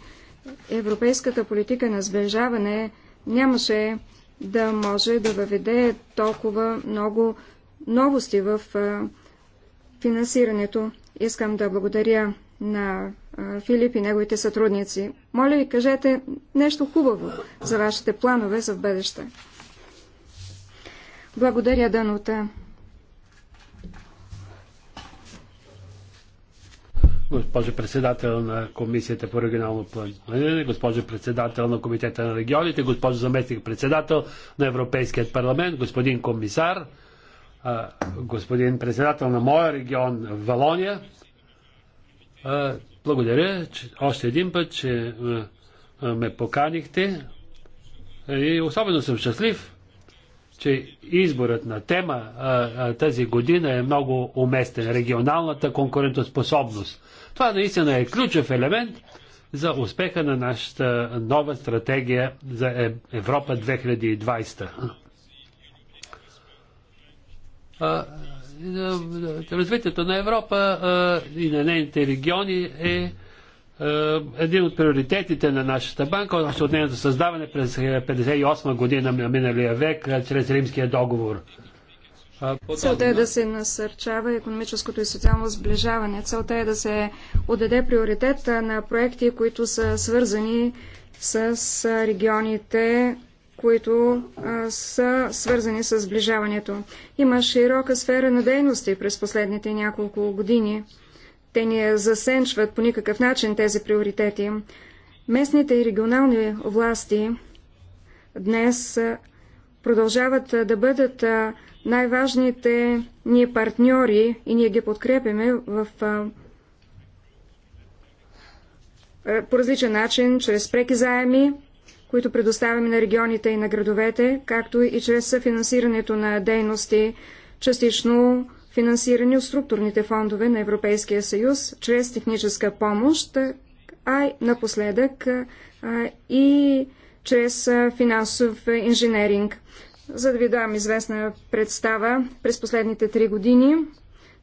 европейската политика на сближаване нямаше да може да въведе толкова много новости в финансирането. Искам да благодаря на Филип и неговите сътрудници. Моля ви, кажете нещо хубаво за вашите планове за бъдеще. Благодаря, Данута. госпожо председател на Комисията по регионално планиране, госпожо председател на Комитета на регионите, госпожо заместник председател на Европейският парламент, господин комисар, господин председател на моя регион Валония. Благодаря че, още един път, че ме поканихте и особено съм щастлив, че изборът на тема а, а, тази година е много уместен. Регионалната конкурентоспособност. Това наистина е ключов елемент за успеха на нашата нова стратегия за е, Европа 2020. А, развитието на Европа а, и на нейните региони е е, един от приоритетите на нашата банка, още от нейното създаване през 1958 година на миналия век, е, чрез Римския договор. Целта е да се насърчава економическото и социално сближаване. Целта е да се отдаде приоритет на проекти, които са свързани с регионите, които са свързани с сближаването. Има широка сфера на дейности през последните няколко години. Те ни засенчват по никакъв начин тези приоритети. Местните и регионални власти днес продължават да бъдат най-важните ни партньори и ние ги подкрепяме в по различен начин, чрез преки заеми, които предоставяме на регионите и на градовете, както и чрез съфинансирането на дейности, частично финансирани от структурните фондове на Европейския съюз чрез техническа помощ, а напоследък и чрез финансов инженеринг. За да ви дам известна представа, през последните три години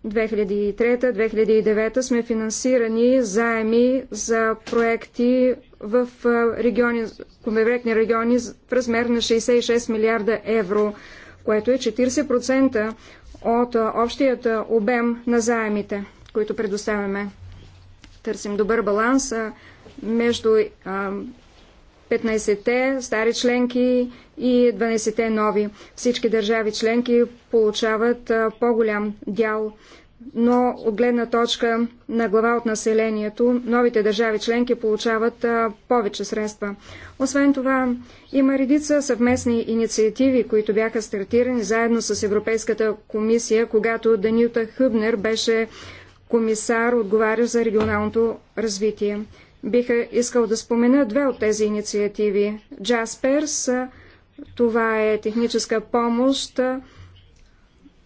2003-2009 сме финансирани заеми за проекти в региони, региони в размер на 66 милиарда евро което е 40% от общият обем на заемите, които предоставяме. Търсим добър баланс между 15-те стари членки и 12-те нови. Всички държави членки получават по-голям дял но от гледна точка на глава от населението, новите държави членки получават а, повече средства. Освен това, има редица съвместни инициативи, които бяха стартирани заедно с Европейската комисия, когато Данилта Хъбнер беше комисар, отговаря за регионалното развитие. Биха искал да спомена две от тези инициативи. Джасперс, това е техническа помощ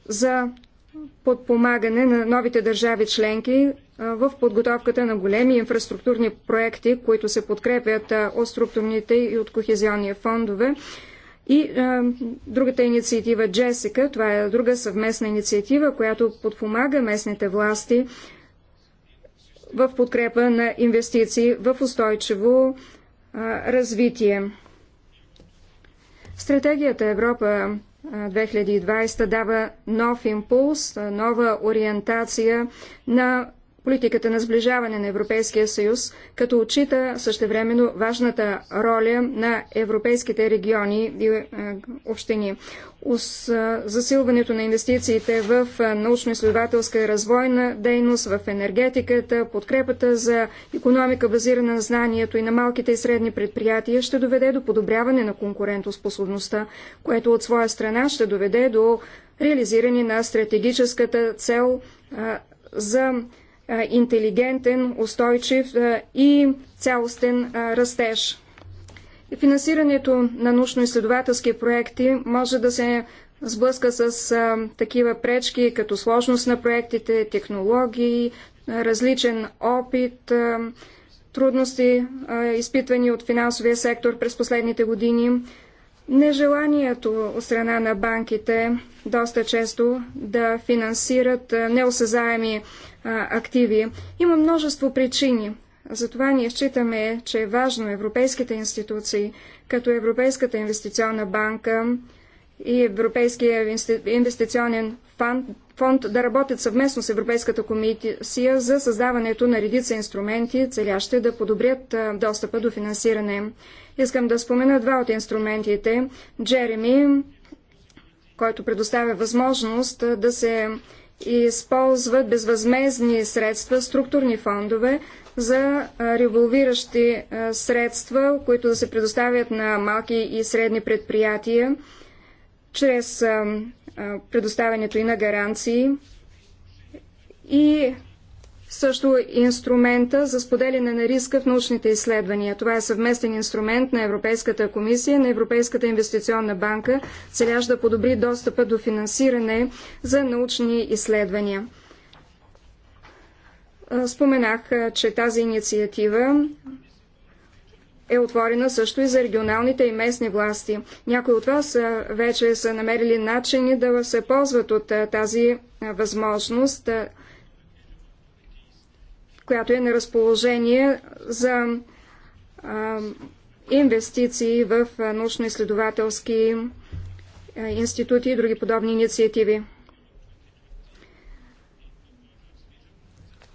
за подпомагане на новите държави членки в подготовката на големи инфраструктурни проекти, които се подкрепят от структурните и от кохезионния фондове. И е, другата инициатива Джесика, това е друга съвместна инициатива, която подпомага местните власти в подкрепа на инвестиции в устойчиво е, развитие. Стратегията Европа 2020 дава нов импулс, нова ориентация на политиката на сближаване на Европейския съюз, като отчита същевременно важната роля на европейските региони и е, общини. Е, засилването на инвестициите в е, научно-изследователска и развойна дейност, в енергетиката, подкрепата за економика базирана на знанието и на малките и средни предприятия ще доведе до подобряване на конкурентоспособността, което от своя страна ще доведе до реализиране на стратегическата цел за интелигентен, устойчив и цялостен растеж. финансирането на научно-изследователски проекти може да се сблъска с а, такива пречки, като сложност на проектите, технологии, различен опит, а, трудности, а, изпитвани от финансовия сектор през последните години, нежеланието от страна на банките доста често да финансират неосъзаеми активи. Има множество причини. Затова ние считаме, че е важно европейските институции, като Европейската инвестиционна банка и Европейския инвестиционен фонд, да работят съвместно с Европейската комисия за създаването на редица инструменти, целящи да подобрят достъпа до финансиране. Искам да спомена два от инструментите. Джереми, който предоставя възможност да се използват безвъзмезни средства, структурни фондове за револвиращи средства, които да се предоставят на малки и средни предприятия чрез предоставянето и на гаранции и също инструмента за споделяне на риска в научните изследвания. Това е съвместен инструмент на Европейската комисия, на Европейската инвестиционна банка, целящ да подобри достъпа до финансиране за научни изследвания. Споменах, че тази инициатива е отворена също и за регионалните и местни власти. Някои от вас вече са намерили начини да се ползват от тази възможност която е на разположение за а, инвестиции в научно-изследователски институти и други подобни инициативи.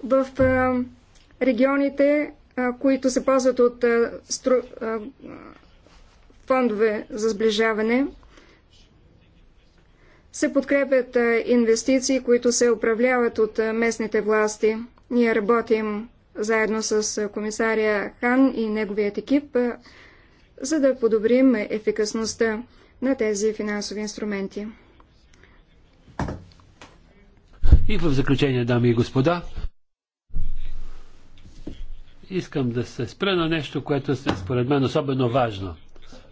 В а, регионите, а, които се ползват от стру, фондове за сближаване, се подкрепят инвестиции, които се управляват от местните власти – ние работим заедно с комисария Хан и неговият екип, за да подобрим ефикасността на тези финансови инструменти. И в заключение, дами и господа, искам да се спра на нещо, което е според мен особено важно.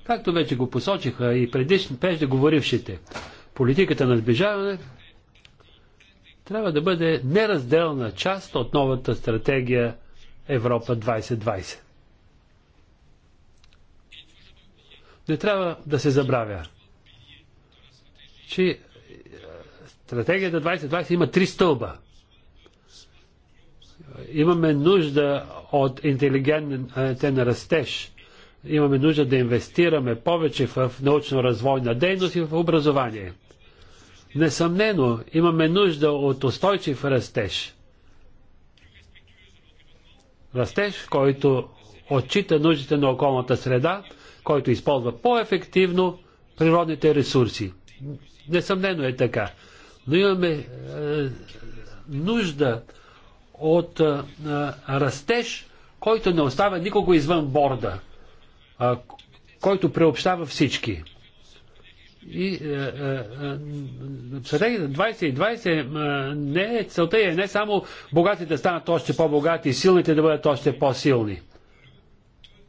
Както вече го посочиха и предишни, преждеговорившите, политиката на сближаване трябва да бъде неразделна част от новата стратегия Европа 2020. Не трябва да се забравя, че е, стратегията 2020 има три стълба. Имаме нужда от интелигентен е, растеж. Имаме нужда да инвестираме повече в научно-развойна дейност и в образование. Несъмнено, имаме нужда от устойчив растеж. Растеж, който отчита нуждите на околната среда, който използва по-ефективно природните ресурси. Несъмнено е така. Но имаме е, нужда от е, е растеж, който не оставя никого извън борда, е, който преобщава всички и е, е, е, стратегията 2020 не е, целта е не само богатите да станат още по-богати, силните да бъдат още по-силни.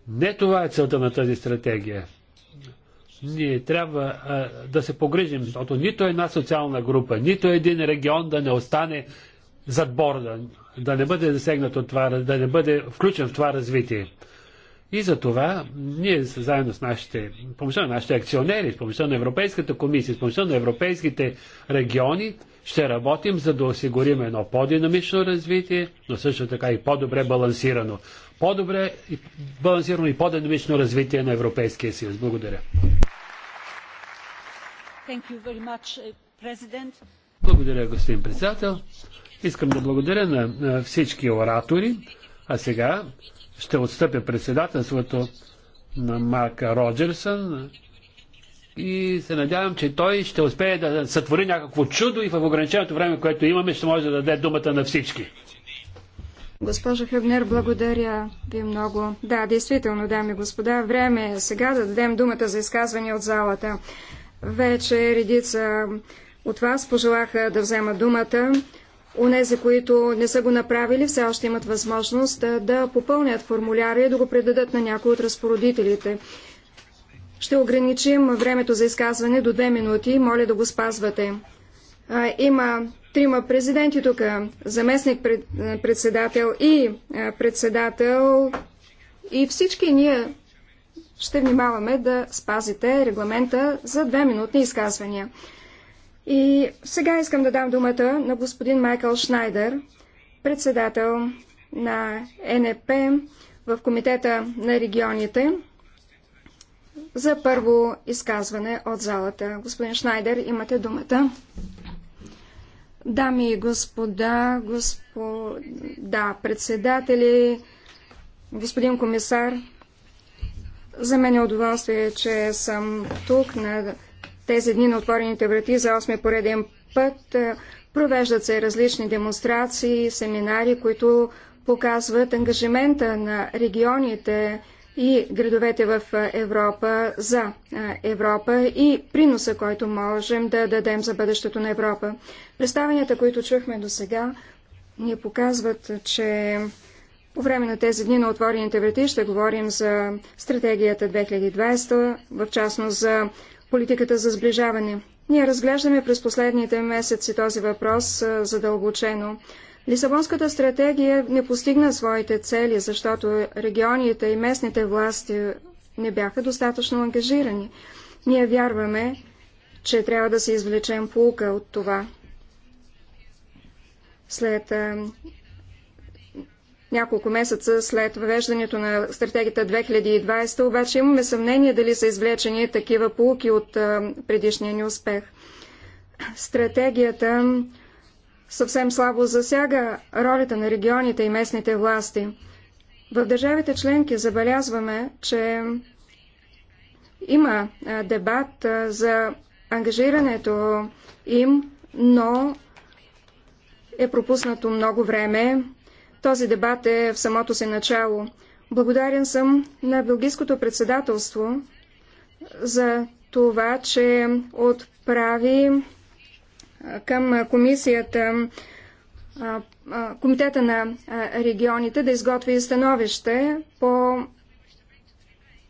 Не това е целта на тази стратегия. Ние трябва е, да се погрижим, защото нито една социална група, нито един регион да не остане зад борда, да не бъде засегнат от това, да не бъде включен в това развитие. И за това ние заедно с нашите, помощта на нашите акционери, с помощта на Европейската комисия, с помощта на европейските региони, ще работим за да осигурим едно по-динамично развитие, но също така и по-добре балансирано. По-добре и балансирано и по-динамично развитие на Европейския съюз. Благодаря. Much, uh, благодаря, господин председател. Искам да благодаря на всички оратори. А сега ще отстъпя председателството на Марка Роджерсън и се надявам, че той ще успее да сътвори някакво чудо и в ограниченото време, което имаме, ще може да даде думата на всички. Госпожо Хъбнер, благодаря ви много. Да, действително, дами и господа, време е сега да дадем думата за изказване от залата. Вече редица от вас пожелаха да взема думата. Унези, които не са го направили, все още имат възможност да, да попълнят формуляри и да го предадат на някой от разпоредителите. Ще ограничим времето за изказване до две минути. Моля да го спазвате. А, има трима президенти тук, заместник пред, председател и а, председател. И всички ние ще внимаваме да спазите регламента за две минутни изказвания. И сега искам да дам думата на господин Майкъл Шнайдер, председател на НЕП е в Комитета на регионите, за първо изказване от залата. Господин Шнайдер, имате думата. Дами и господа, господа председатели, господин комисар, за мен е удоволствие, че съм тук на тези дни на отворените врати за 8 пореден път е, провеждат се различни демонстрации, семинари, които показват ангажимента на регионите и градовете в е, Европа за е, Европа и приноса, който можем да дадем за бъдещето на Европа. Представенията, които чухме до сега, ни показват, че по време на тези дни на отворените врати ще говорим за стратегията 2020, в частност за политиката за сближаване. Ние разглеждаме през последните месеци този въпрос задълбочено. Лисабонската стратегия не постигна своите цели, защото регионите и местните власти не бяха достатъчно ангажирани. Ние вярваме, че трябва да се извлечем полука от това. След няколко месеца след въвеждането на стратегията 2020, обаче имаме съмнение дали са извлечени такива полуки от предишния ни успех. Стратегията съвсем слабо засяга ролята на регионите и местните власти. В държавите членки забелязваме, че има дебат за ангажирането им, но е пропуснато много време този дебат е в самото си начало. Благодарен съм на Белгийското председателство за това, че отправи към комисията Комитета на регионите да изготви становище по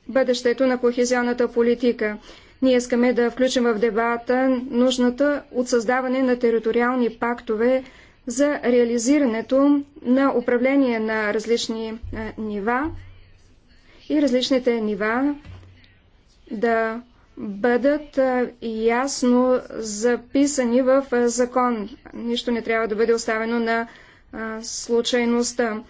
бъдещето на кохезионната политика. Ние искаме да включим в дебата нужната от създаване на териториални пактове за реализирането на управление на различни е, нива и различните нива да бъдат е, ясно записани в е, закон. Нищо не трябва да бъде оставено на случайността.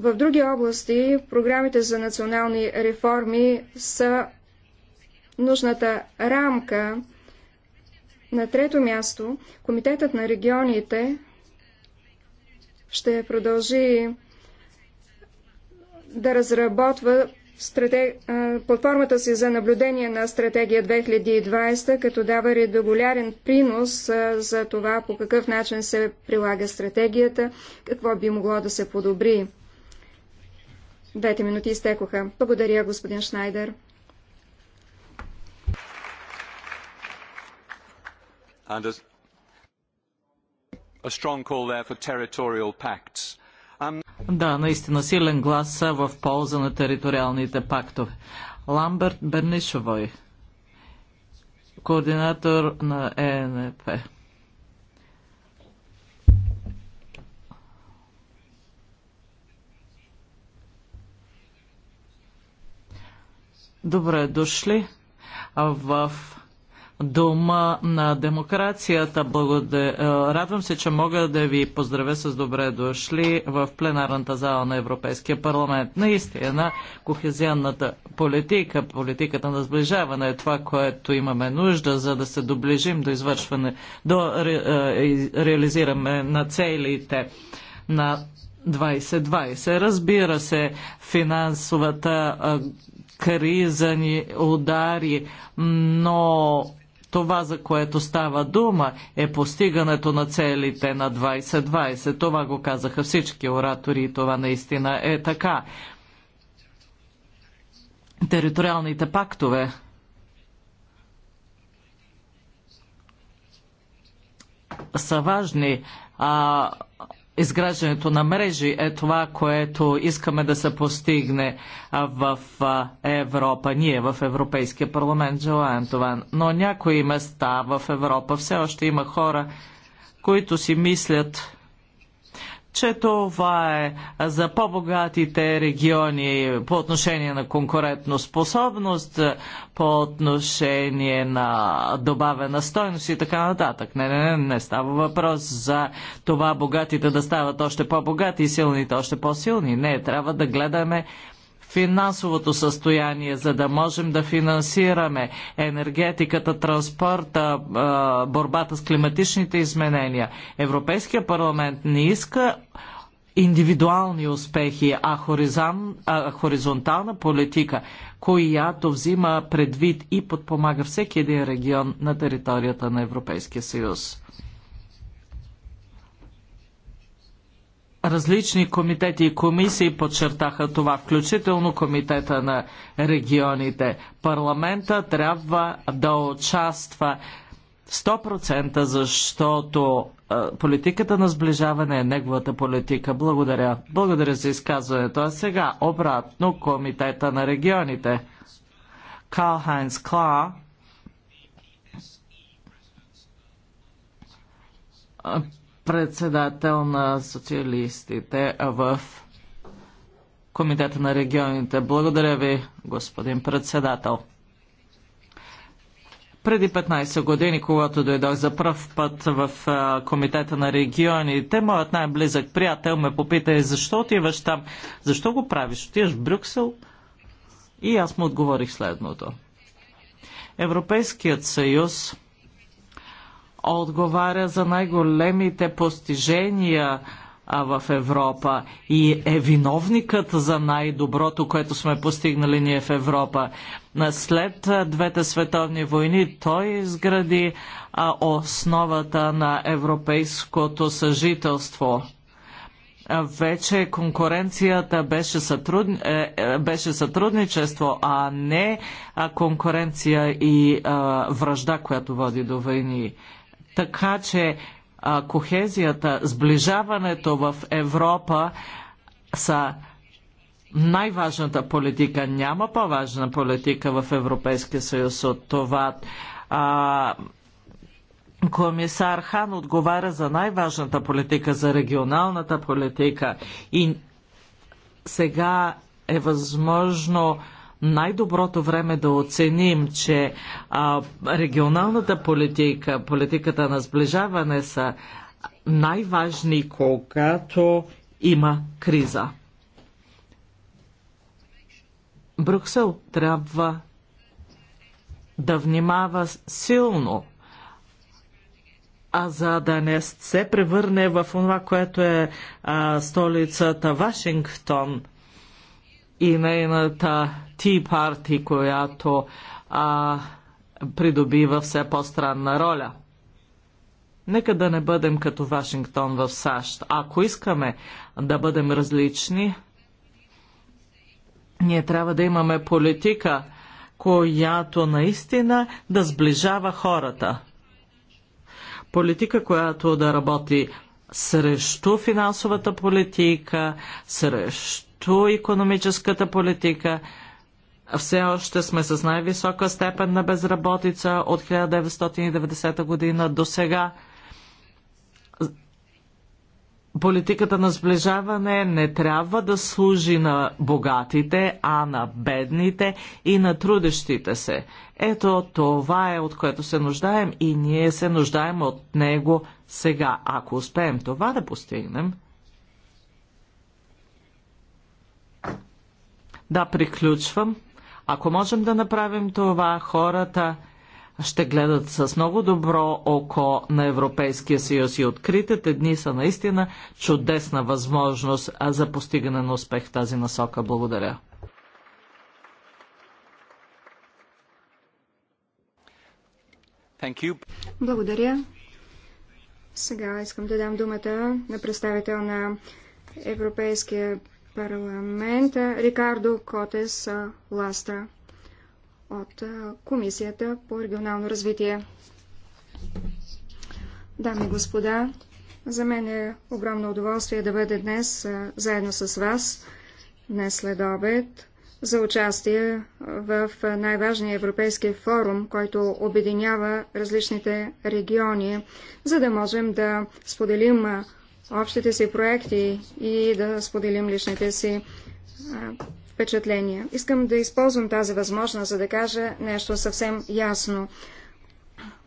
В други области програмите за национални реформи са нужната рамка. На трето място, Комитетът на регионите ще продължи да разработва платформата си за наблюдение на стратегия 2020, като дава регулярен принос за това по какъв начин се прилага стратегията, какво би могло да се подобри. Двете минути изтекоха. Благодаря, господин Шнайдер. Anders, Um, да, наистина силен глас е в полза на териториалните пактове. Ламберт Бернишовой, координатор на ЕНП. Добре дошли в дома на демокрацията. Благодаря. Е, радвам се, че мога да ви поздравя с добре дошли в пленарната зала на Европейския парламент. Наистина, кохезионната политика, политиката на сближаване е това, което имаме нужда, за да се доближим до извършване, до ре, е, реализираме на целите на 2020. Разбира се, финансовата е, криза ни удари, но това, за което става дума, е постигането на целите на 2020. Това го казаха всички оратори и това наистина е така. Териториалните пактове са важни. А, изграждането на мрежи е това, което искаме да се постигне в Европа. Ние в Европейския парламент желаем това. Но някои места в Европа все още има хора, които си мислят, че това е за по-богатите региони по отношение на конкурентно способност, по отношение на добавена стойност и така нататък. Не, не, не, не става въпрос за това богатите да стават още по-богати и силните още по-силни. Не, трябва да гледаме финансовото състояние, за да можем да финансираме енергетиката, транспорта, борбата с климатичните изменения. Европейския парламент не иска индивидуални успехи, а, хоризон, а хоризонтална политика, която взима предвид и подпомага всеки един регион на територията на Европейския съюз. Различни комитети и комисии подчертаха това, включително комитета на регионите. Парламента трябва да участва 100%, защото политиката на сближаване е неговата политика. Благодаря. Благодаря за изказването. А сега обратно комитета на регионите. Карл Хайнс Кла председател на социалистите в Комитета на регионите. Благодаря ви, господин председател. Преди 15 години, когато дойдох за първ път в Комитета на регионите, моят най-близък приятел ме попита, и «Е, защо отиваш там? Защо го правиш? Отиваш в Брюксел? И аз му отговорих следното. Европейският съюз отговаря за най-големите постижения в Европа и е виновникът за най-доброто, което сме постигнали ние в Европа. След двете световни войни той изгради основата на европейското съжителство. Вече конкуренцията беше, сътруд... Е, е, беше сътрудничество, а не конкуренция и връжда, която води до войни. Така че а, кохезията, сближаването в Европа са най-важната политика. Няма по-важна политика в Европейския съюз от това. А, комисар Хан отговаря за най-важната политика, за регионалната политика и сега е възможно най-доброто време да оценим, че а, регионалната политика, политиката на сближаване са най-важни, когато има криза. Брюксел трябва да внимава силно, а за да не се превърне в това, което е а, столицата Вашингтон и нейната ти парти, която а, придобива все по-странна роля. Нека да не бъдем като Вашингтон в САЩ. Ако искаме да бъдем различни, ние трябва да имаме политика, която наистина да сближава хората. Политика, която да работи срещу финансовата политика, срещу економическата политика – все още сме с най-висока степен на безработица от 1990 година до сега. Политиката на сближаване не трябва да служи на богатите, а на бедните и на трудещите се. Ето това е от което се нуждаем и ние се нуждаем от него сега. Ако успеем това да постигнем, да приключвам. Ако можем да направим това, хората ще гледат с много добро око на Европейския съюз и откритите дни са наистина чудесна възможност за постигане на успех в тази насока. Благодаря. Благодаря. Сега искам да дам думата на представител на Европейския парламента Рикардо Котес Ластра от Комисията по регионално развитие. Дами и господа, за мен е огромно удоволствие да бъде днес заедно с вас, днес след обед, за участие в най-важния европейски форум, който обединява различните региони, за да можем да споделим общите си проекти и да споделим личните си впечатления. Искам да използвам тази възможност, за да кажа нещо съвсем ясно.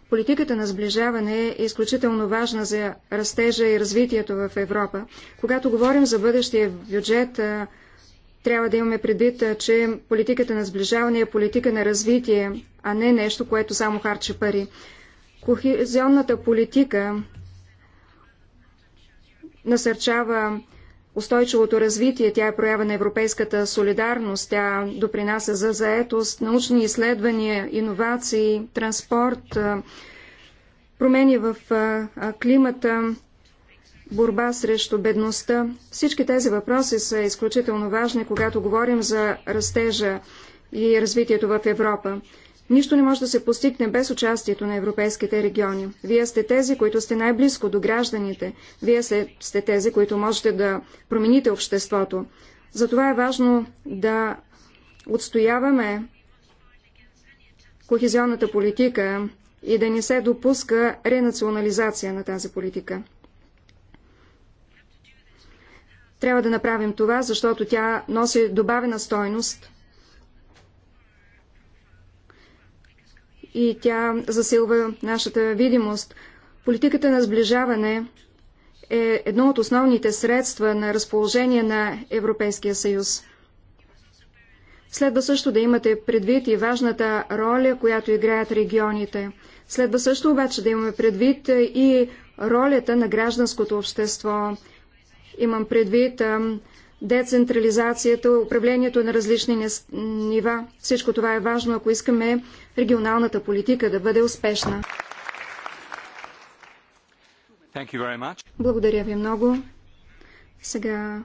Политиката на сближаване е изключително важна за растежа и развитието в Европа. Когато говорим за бъдещия бюджет, трябва да имаме предвид, че политиката на сближаване е политика на развитие, а не нещо, което само харчи пари. Кохезионната политика насърчава устойчивото развитие, тя е проява на европейската солидарност, тя допринася за заетост, научни изследвания, иновации, транспорт, промени в климата, борба срещу бедността. Всички тези въпроси са изключително важни, когато говорим за растежа и развитието в Европа. Нищо не може да се постигне без участието на европейските региони. Вие сте тези, които сте най-близко до гражданите. Вие сте тези, които можете да промените обществото. Затова е важно да отстояваме кохезионната политика и да не се допуска ренационализация на тази политика. Трябва да направим това, защото тя носи добавена стойност – и тя засилва нашата видимост. Политиката на сближаване е едно от основните средства на разположение на Европейския съюз. Следва също да имате предвид и важната роля, която играят регионите. Следва също обаче да имаме предвид и ролята на гражданското общество. Имам предвид децентрализацията, управлението на различни нива. Всичко това е важно, ако искаме регионалната политика да бъде успешна. Благодаря ви много. Сега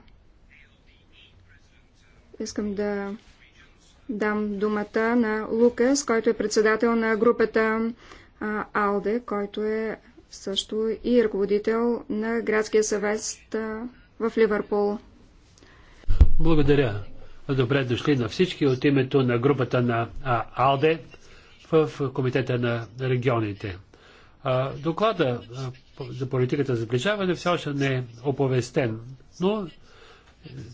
искам да дам думата на Лукас, който е председател на групата АЛДЕ, който е също и ръководител на градския съвет в Ливърпул. Благодаря. Добре дошли на всички от името на групата на АЛДЕ в Комитета на регионите. Доклада за политиката за сближаване все още не е оповестен, но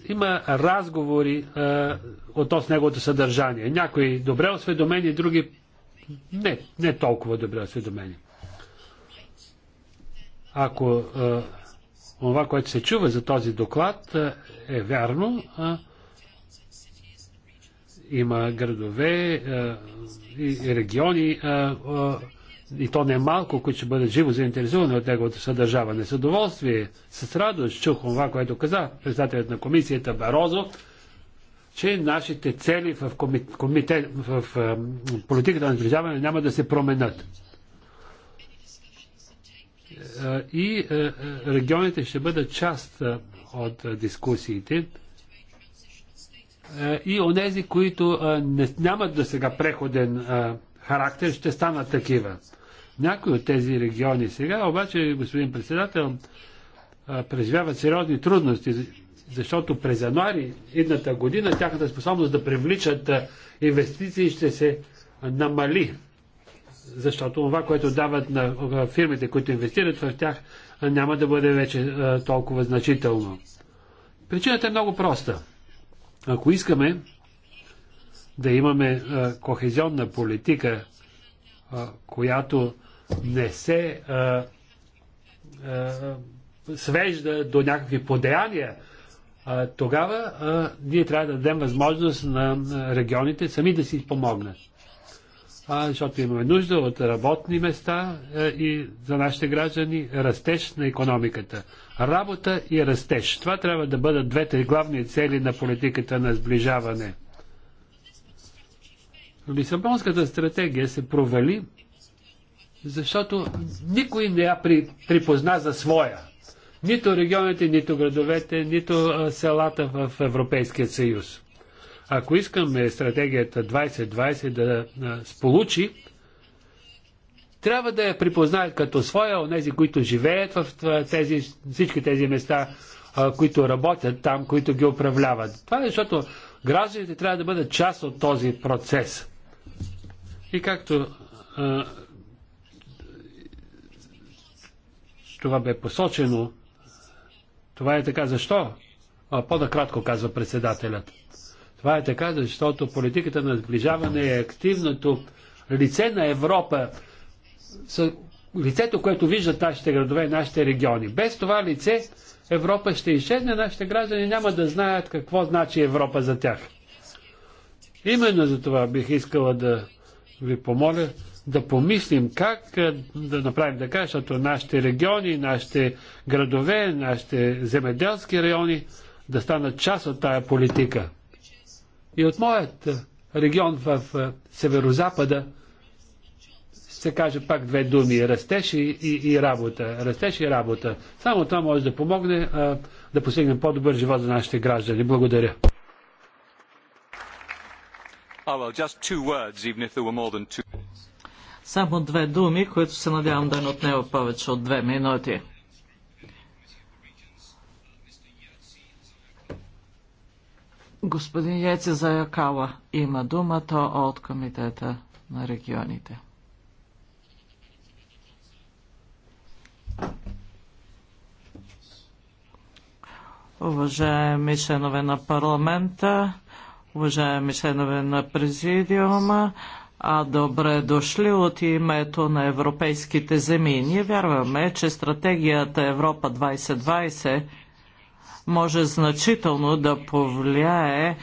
има разговори относно неговото съдържание. Някои добре осведомени, други не, не толкова добре осведомени. Ако това, което се чува за този доклад, е, е вярно. Има градове и региони, и то не малко, които ще бъдат живо заинтересувани от неговото съдържаване. С удоволствие, с радост чух това, което каза председателят на комисията Барозо, че нашите цели в, комите, в политиката на сближаване няма да се променят и регионите ще бъдат част от дискусиите и онези, които не, нямат до сега преходен характер, ще станат такива. Някои от тези региони сега, обаче, господин председател, преживяват сериозни трудности, защото през януари едната година тяхната способност да привличат инвестиции ще се намали защото това, което дават на фирмите, които инвестират в тях, няма да бъде вече е, толкова значително. Причината е много проста. Ако искаме да имаме е, кохезионна политика, е, която не се свежда до някакви подеяния, тогава ние трябва да дадем възможност на регионите сами да си помогнат а, защото имаме нужда от работни места а, е, и за нашите граждани растеж на економиката. Работа и растеж. Това трябва да бъдат двете главни цели на политиката на сближаване. Лисабонската стратегия се провали, защото никой не я при, припозна за своя. Нито регионите, нито градовете, нито селата в Европейския съюз. Ако искаме стратегията 2020 да сполучи, трябва да я припознаят като своя тези, които живеят в тези, всички тези места, които работят там, които ги управляват. Това е защото гражданите трябва да бъдат част от този процес. И както това бе посочено, това е така. Защо? По-накратко казва председателят. Това е така, защото политиката на сближаване е активното лице на Европа, лицето, което виждат нашите градове, нашите региони. Без това лице Европа ще изчезне, нашите граждани няма да знаят какво значи Европа за тях. Именно за това бих искала да ви помоля да помислим как е, да направим така, защото нашите региони, нашите градове, нашите земеделски райони да станат част от тая политика. И от моят е, регион в е, северо-запада се каже пак две думи. Растеж и, и, и работа. Растеж и работа. Само това може да помогне а, е, да постигнем по-добър живот за нашите граждани. Благодаря. Само две думи, които се надявам да не отнема повече от две минути. Господин Яйце Заякала има думата от Комитета на регионите. Уважаеми членове на парламента, уважаеми членове на президиума, а добре дошли от името на европейските земи. Ние вярваме, че стратегията Европа 2020 може значително да повлияе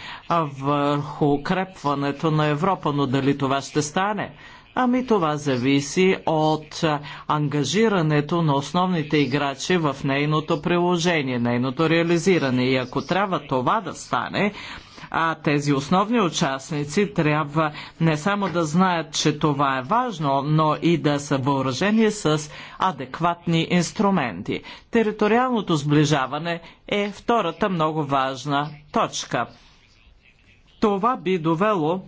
върху укрепването на Европа. Но дали това ще стане? Ами това зависи от ангажирането на основните играчи в нейното приложение, нейното реализиране. И ако трябва това да стане, а тези основни участници трябва не само да знаят, че това е важно, но и да са въоръжени с адекватни инструменти. Териториалното сближаване е втората много важна точка. Това би довело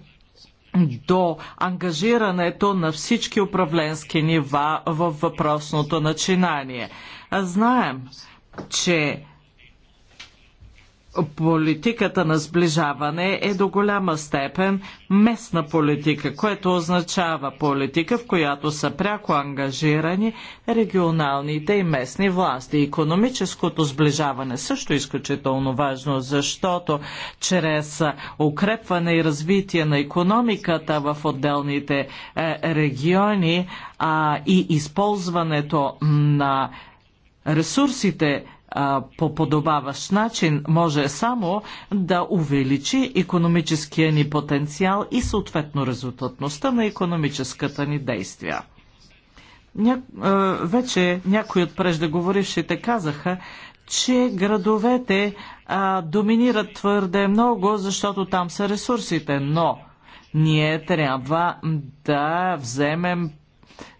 до ангажирането на всички управленски нива в въпросното начинание. Знаем, че политиката на сближаване е до голяма степен местна политика, което означава политика, в която са пряко ангажирани регионалните и местни власти. Економическото сближаване също е изключително важно, защото чрез укрепване и развитие на економиката в отделните е, региони а, и използването на ресурсите по подобаващ начин може само да увеличи економическия ни потенциал и съответно резултатността на економическата ни действия. Ня... Вече някои от преждеговорившите казаха, че градовете а, доминират твърде много, защото там са ресурсите, но ние трябва да вземем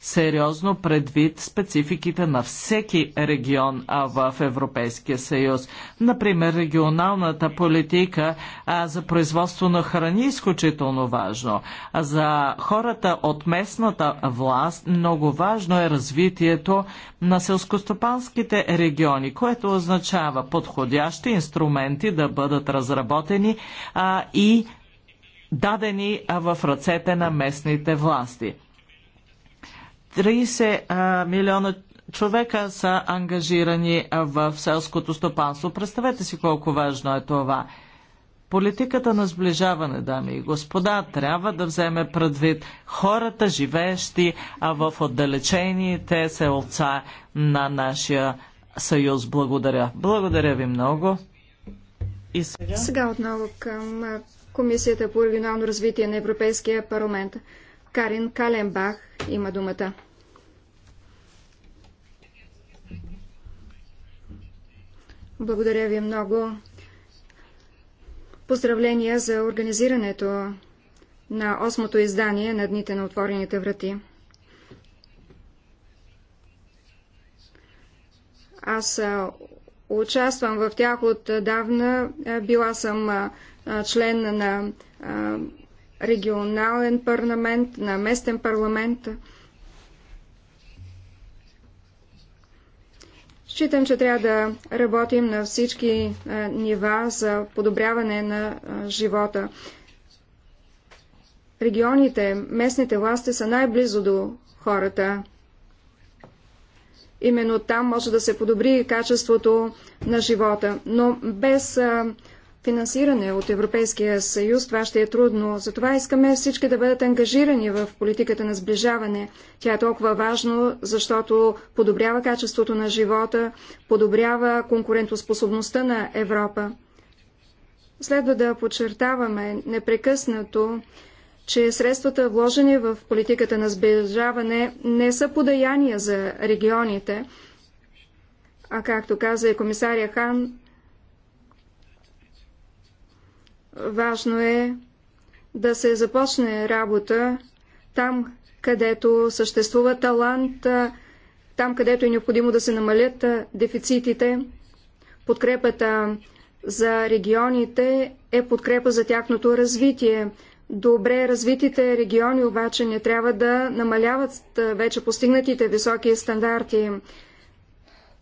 сериозно предвид спецификите на всеки регион в Европейския съюз. Например, регионалната политика за производство на храни е изключително важно. За хората от местната власт много важно е развитието на селскостопанските региони, което означава подходящи инструменти да бъдат разработени и дадени в ръцете на местните власти. 30 милиона човека са ангажирани в селското стопанство. Представете си колко важно е това. Политиката на сближаване, дами и господа, трябва да вземе предвид хората, живеещи а в отдалечените селца на нашия съюз. Благодаря. Благодаря ви много. И сега... сега отново към Комисията по регионално развитие на Европейския парламент. Карин Каленбах има думата. Благодаря ви много. Поздравления за организирането на осмото издание на Дните на отворените врати. Аз участвам в тях отдавна. Била съм член на регионален парламент, на местен парламент. Считам, че трябва да работим на всички е, нива за подобряване на е, живота. Регионите, местните власти са най-близо до хората. Именно там може да се подобри качеството на живота. Но без е, финансиране от Европейския съюз, това ще е трудно. Затова искаме всички да бъдат ангажирани в политиката на сближаване. Тя е толкова важна, защото подобрява качеството на живота, подобрява конкурентоспособността на Европа. Следва да подчертаваме непрекъснато, че средствата вложени в политиката на сближаване не са подаяния за регионите, а както каза и комисария Хан, Важно е да се започне работа там, където съществува талант, там, където е необходимо да се намалят дефицитите. Подкрепата за регионите е подкрепа за тяхното развитие. Добре развитите региони обаче не трябва да намаляват вече постигнатите високи стандарти.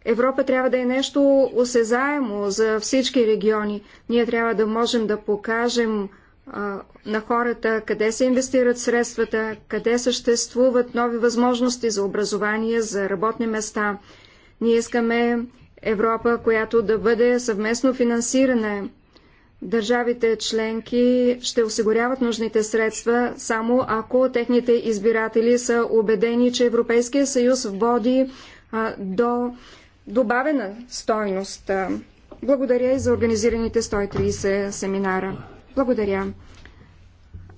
Европа трябва да е нещо осезаемо за всички региони. Ние трябва да можем да покажем а, на хората къде се инвестират средствата, къде съществуват нови възможности за образование, за работни места. Ние искаме Европа, която да бъде съвместно финансирана. Държавите членки ще осигуряват нужните средства само ако техните избиратели са убедени, че Европейския съюз води а, до добавена стойност. Благодаря и за организираните 130 семинара. Благодаря.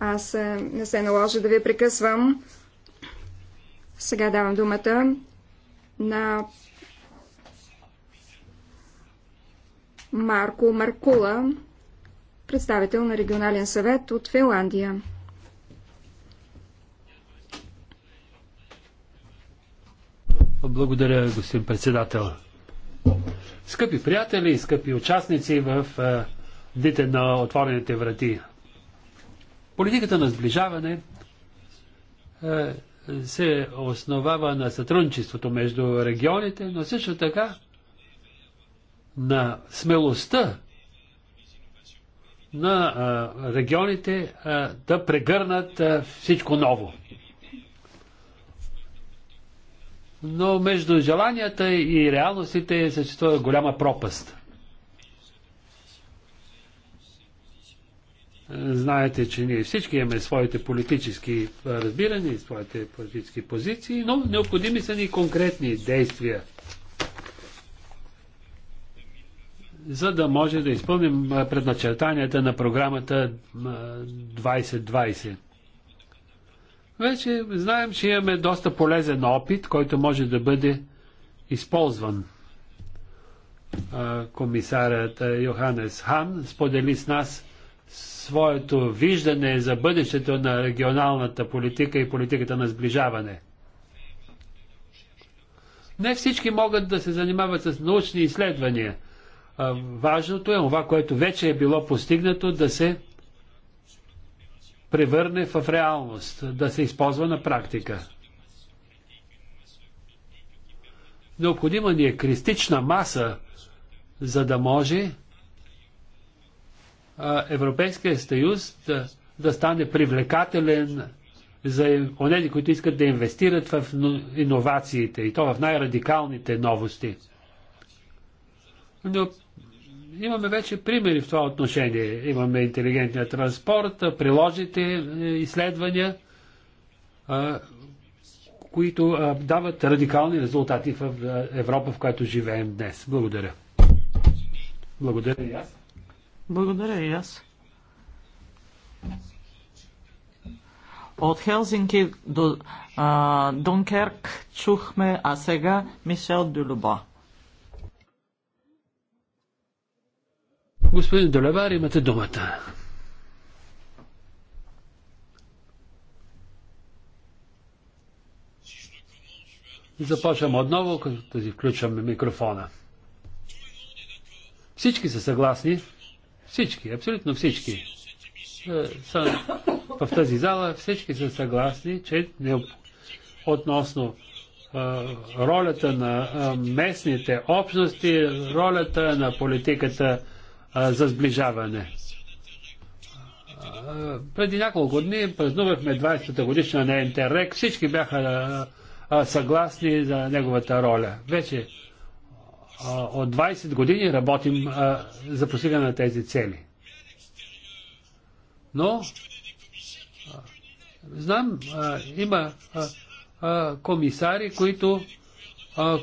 Аз не се наложи да ви прекъсвам. Сега давам думата на Марко Маркула, представител на регионален съвет от Финландия. Благодаря, господин председател. Скъпи приятели, скъпи участници в е, дните на отворените врати. Политиката на сближаване е, се основава на сътрудничеството между регионите, но също така на смелостта на е, регионите да прегърнат всичко ново. но между желанията и реалностите съществува голяма пропаст. Знаете, че ние всички имаме своите политически разбирания, своите политически позиции, но необходими са ни конкретни действия, за да може да изпълним предначертанията на програмата 2020. Вече знаем, че имаме доста полезен опит, който може да бъде използван. Комисарят Йоханес Хан сподели с нас своето виждане за бъдещето на регионалната политика и политиката на сближаване. Не всички могат да се занимават с научни изследвания. Важното е това, което вече е било постигнато, да се превърне в реалност, да се използва на практика. Необходима ни е кристична маса, за да може Европейския съюз да, да стане привлекателен за онези, които искат да инвестират в иновациите и то в най-радикалните новости. Но Имаме вече примери в това отношение. Имаме интелигентния транспорт, приложите е, изследвания, които дават радикални резултати в Европа, в която живеем днес. Благодаря. Благодаря и аз. Благодаря и аз. От Хелзинки до Дункерк чухме, а сега Мишел Дюлюбо. Господин Долевар, имате думата. Започвам отново, като си включваме микрофона. Всички са съгласни. Всички, абсолютно всички. Е, са, в тази зала всички са съгласни, че не, относно ролята на местните общности, ролята на политиката за сближаване. Преди няколко дни празнувахме 20-та годишна на Интеррек. Всички бяха съгласни за неговата роля. Вече от 20 години работим за постигане на тези цели. Но знам, има комисари, които,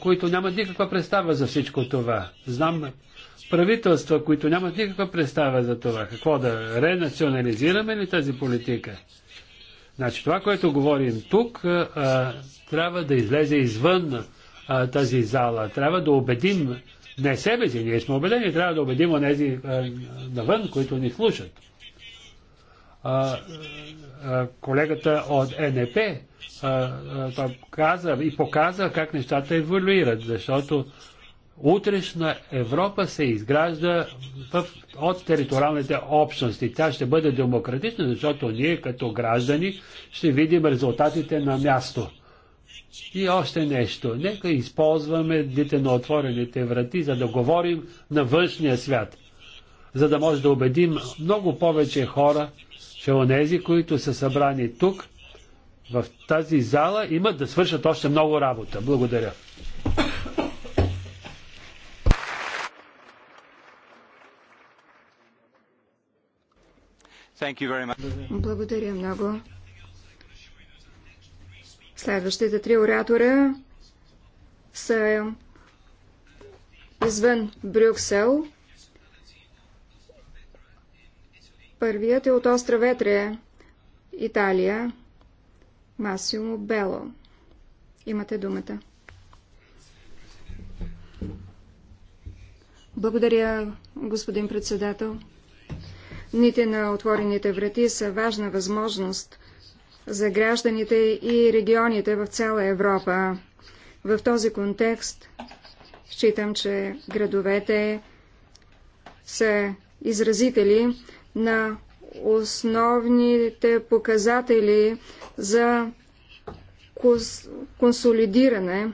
които нямат никаква представа за всичко това. Знам правителства, които нямат никаква представа за това. Какво да ренационализираме ли тази политика? Значи това, което говорим тук, а, трябва да излезе извън а, тази зала. Трябва да убедим не себе си, ние сме убедени, трябва да убедим онези навън, които ни слушат. А, а, колегата от НП а, а, каза и показа как нещата еволюират, защото утрешна Европа се изгражда в, от териториалните общности. Тя ще бъде демократична, защото ние като граждани ще видим резултатите на място. И още нещо. Нека използваме дните на отворените врати, за да говорим на външния свят. За да може да убедим много повече хора, че онези, които са събрани тук, в тази зала, имат да свършат още много работа. Благодаря. Благодаря много. Следващите три оратора са извън Брюксел. Първият е от остров Ветре, Италия, Масимо Бело. Имате думата. Благодаря, господин председател. Дните на отворените врати са важна възможност за гражданите и регионите в цяла Европа. В този контекст считам, че градовете са изразители на основните показатели за консолидиране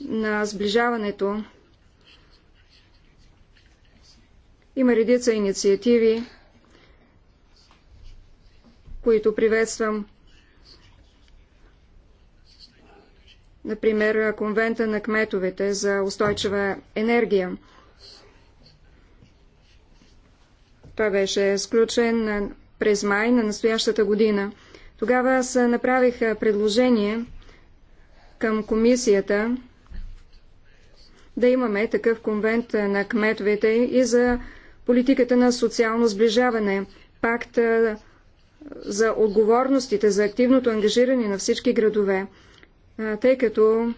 на сближаването. Има редица инициативи, които приветствам. Например, конвента на кметовете за устойчива енергия. Той беше сключен през май на настоящата година. Тогава аз направих предложение към комисията да имаме такъв конвент на кметовете и за политиката на социално сближаване, пакт за отговорностите за активното ангажиране на всички градове, тъй като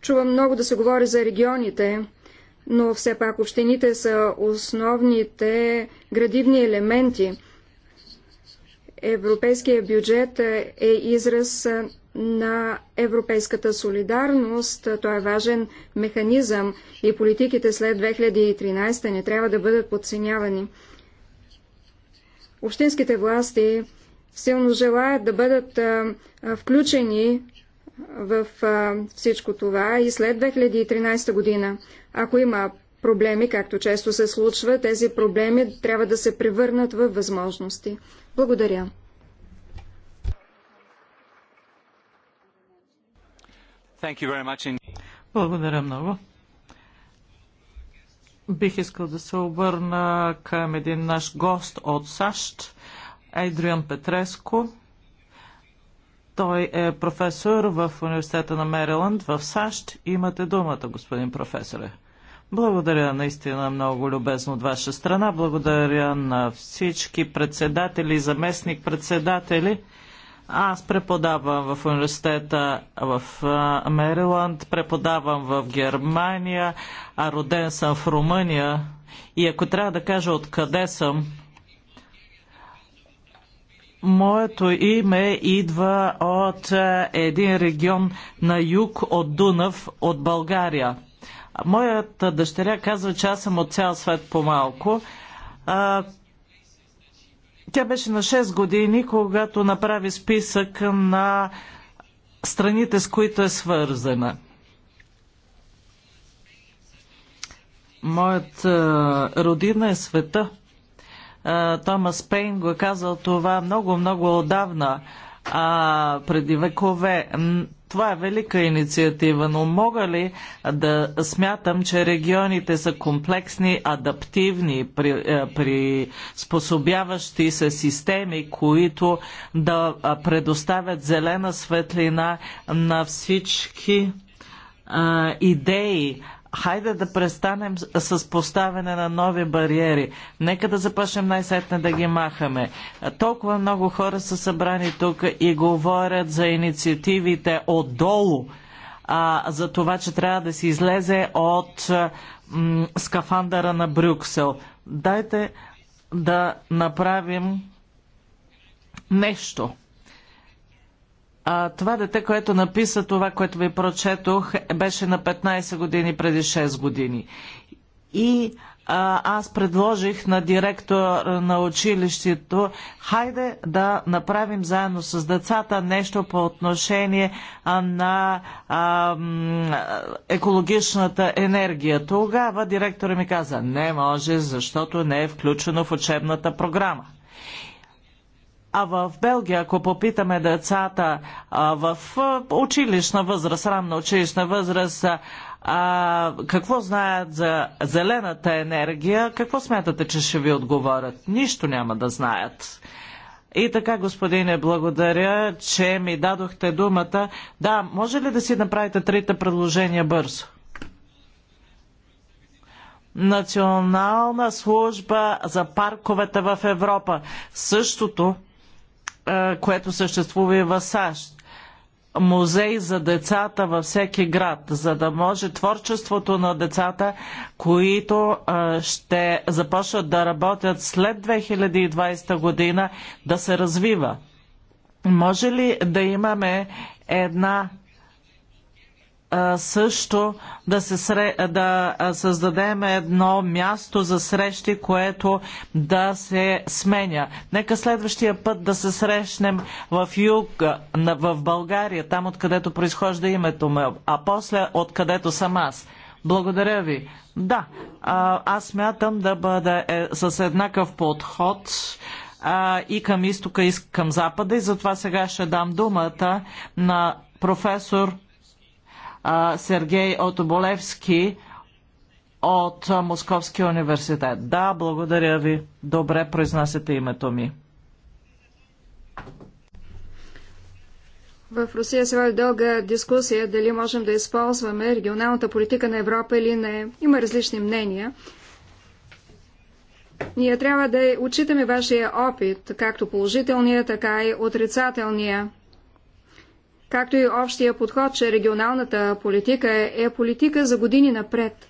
чувам много да се говори за регионите, но все пак общините са основните градивни елементи. Европейският бюджет е израз на европейската солидарност. Той е важен механизъм и политиките след 2013 не трябва да бъдат подценявани общинските власти силно желаят да бъдат включени в всичко това и след 2013 година. Ако има проблеми, както често се случва, тези проблеми трябва да се превърнат в възможности. Благодаря. Благодаря много. Бих искал да се обърна към един наш гост от САЩ, Ейдриан Петреско. Той е професор в Университета на Мериланд в САЩ. Имате думата, господин професоре. Благодаря наистина много любезно от ваша страна. Благодаря на всички председатели и заместник председатели аз преподавам в университета в Мериланд, преподавам в Германия, а роден съм в Румъния. И ако трябва да кажа откъде съм, Моето име идва от един регион на юг от Дунав, от България. Моята дъщеря казва, че аз съм от цял свет по-малко, тя беше на 6 години, когато направи списък на страните, с които е свързана. Моят е, родина е света. Е, Томас Пейн го е казал това много-много отдавна, преди векове. Това е велика инициатива, но мога ли да смятам, че регионите са комплексни, адаптивни, е, приспособяващи се системи, които да предоставят зелена светлина на всички а, идеи, Хайде да престанем с поставяне на нови бариери. Нека да започнем най-сетне да ги махаме. Толкова много хора са събрани тук и говорят за инициативите отдолу, а, за това, че трябва да се излезе от м, скафандъра на Брюксел. Дайте да направим нещо. А, това дете, което написа това, което ви прочетох, беше на 15 години преди 6 години. И а, аз предложих на директор на училището, хайде да направим заедно с децата нещо по отношение а, на а, екологичната енергия. Тогава директора ми каза, не може, защото не е включено в учебната програма. А в Белгия, ако попитаме децата а, в училищна възраст, ранна училищна възраст, а, какво знаят за зелената енергия, какво смятате, че ще ви отговорят? Нищо няма да знаят. И така, господине, благодаря, че ми дадохте думата. Да, може ли да си направите трите предложения бързо? Национална служба за парковете в Европа. Същото което съществува и в САЩ. Музей за децата във всеки град, за да може творчеството на децата, които ще започнат да работят след 2020 година, да се развива. Може ли да имаме една също да, се сре, да създадем едно място за срещи, което да се сменя. Нека следващия път да се срещнем в юг, в България, там откъдето произхожда името ме, а после откъдето съм аз. Благодаря ви. Да, аз мятам да бъда е, с еднакъв подход и към изтока, и към запада. И затова сега ще дам думата на професор Сергей Отоболевски от Московския университет. Да, благодаря ви. Добре произнасяте името ми. В Русия се води дълга дискусия дали можем да използваме регионалната политика на Европа или не. Има различни мнения. Ние трябва да отчитаме вашия опит, както положителния, така и отрицателния както и общия подход, че регионалната политика е, е политика за години напред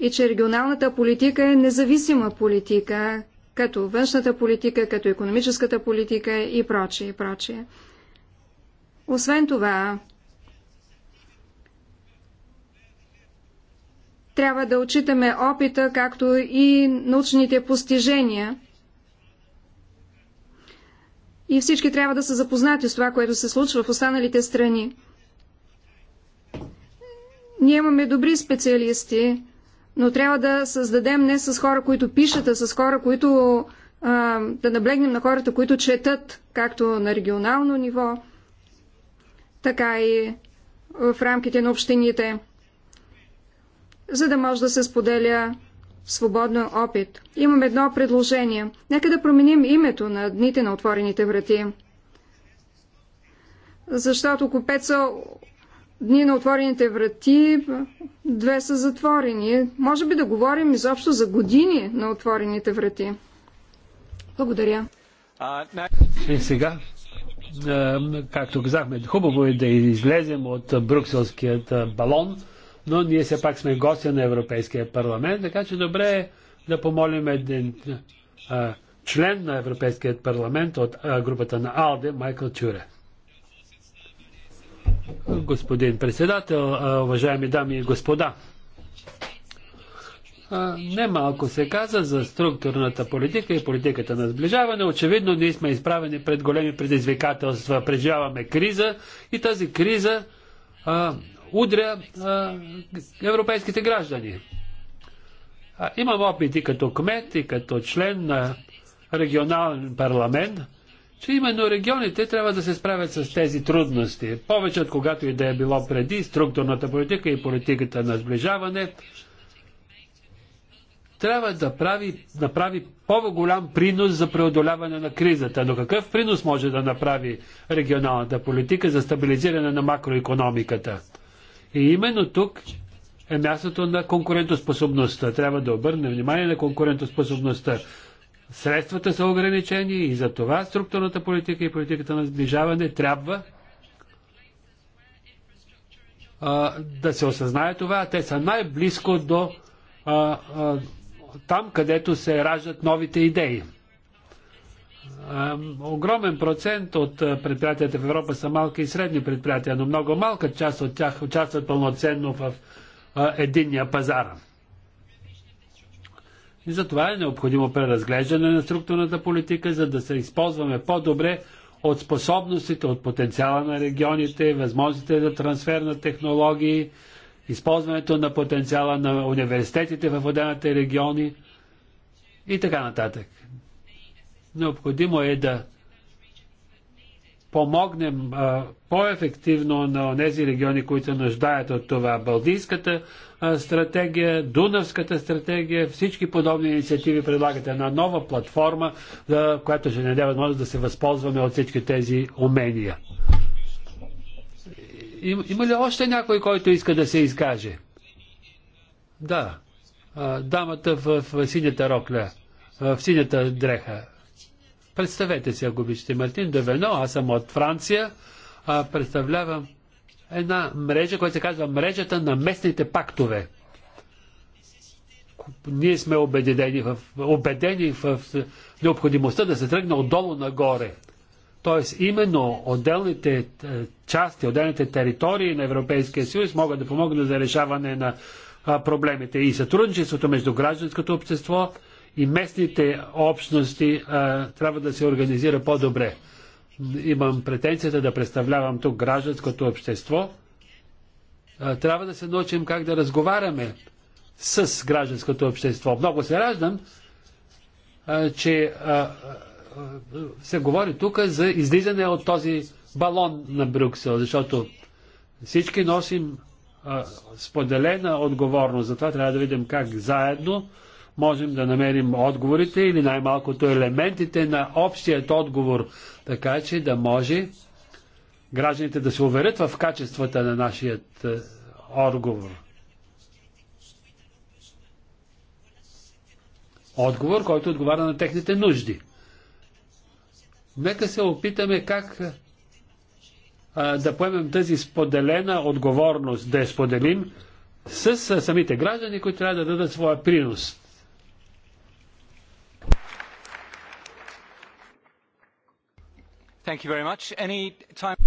и че регионалната политика е независима политика, като външната политика, като економическата политика и прочие, и прочие. Освен това, трябва да отчитаме опита, както и научните постижения – и всички трябва да са запознати с това, което се случва в останалите страни. Ние имаме добри специалисти, но трябва да създадем не с хора, които пишат, а с хора, които а, да наблегнем на хората, които четат, както на регионално ниво, така и в рамките на общините, за да може да се споделя свободно опит. Имам едно предложение. Нека да променим името на дните на отворените врати. Защото ако пет са дни на отворените врати, две са затворени. Може би да говорим изобщо за години на отворените врати. Благодаря. И сега, както казахме, хубаво е да излезем от брюкселският балон но ние все пак сме гости на Европейския парламент, така че добре е да помолим един а, член на Европейския парламент от а, групата на АЛДЕ, Майкъл Тюре. Господин председател, а, уважаеми дами и господа, Немалко се каза за структурната политика и политиката на сближаване. Очевидно ние сме изправени пред големи предизвикателства. Преживяваме криза и тази криза удря а, европейските граждани. А, имам опит и като кмет, и като член на регионален парламент, че именно регионите трябва да се справят с тези трудности. Повече от когато и да е било преди структурната политика и политиката на сближаване, трябва да прави, направи по-голям принос за преодоляване на кризата. Но какъв принос може да направи регионалната политика за стабилизиране на макроекономиката? И именно тук е мястото на конкурентоспособността. Трябва да обърнем внимание на конкурентоспособността. Средствата са ограничени и за това структурната политика и политиката на сближаване трябва а, да се осъзнае това. Те са най-близко до а, а, там, където се раждат новите идеи. Огромен процент от предприятията в Европа са малки и средни предприятия, но много малка част от тях участват пълноценно в единния пазар. И затова е необходимо преразглеждане на структурната политика, за да се използваме по-добре от способностите, от потенциала на регионите, възможностите за трансфер на технологии, използването на потенциала на университетите в отделните региони и така нататък. Необходимо е да помогнем по-ефективно на тези региони, които нуждаят от това. Балдийската а, стратегия, Дунавската стратегия, всички подобни инициативи предлагат една нова платформа, която ще даде възможност да се възползваме от всички тези умения. Им, има ли още някой, който иска да се изкаже? Да. А, дамата в, в синята рокля, в синята дреха. Представете си, ако обичате, Мартин Девено, аз съм от Франция, а, представлявам една мрежа, която се казва мрежата на местните пактове. Ние сме убедени в, убедени в необходимостта да се тръгне отдолу нагоре. Тоест, именно отделните е, части, отделните територии на Европейския съюз могат да помогнат за решаване на проблемите. И сътрудничеството между гражданското общество и местните общности а, трябва да се организира по-добре. Имам претенцията да представлявам тук гражданското общество. А, трябва да се научим как да разговаряме с гражданското общество. Много се раждам, а, че а, се говори тук за излизане от този балон на Брюксел, защото всички носим а, споделена отговорност. Затова трябва да видим как заедно можем да намерим отговорите или най-малкото елементите на общият отговор, така че да може гражданите да се уверят в качествата на нашият е, отговор. Отговор, който отговаря на техните нужди. Нека се опитаме как е, а, да поемем тази споделена отговорност, да я споделим с е, самите граждани, които трябва да дадат своя принос.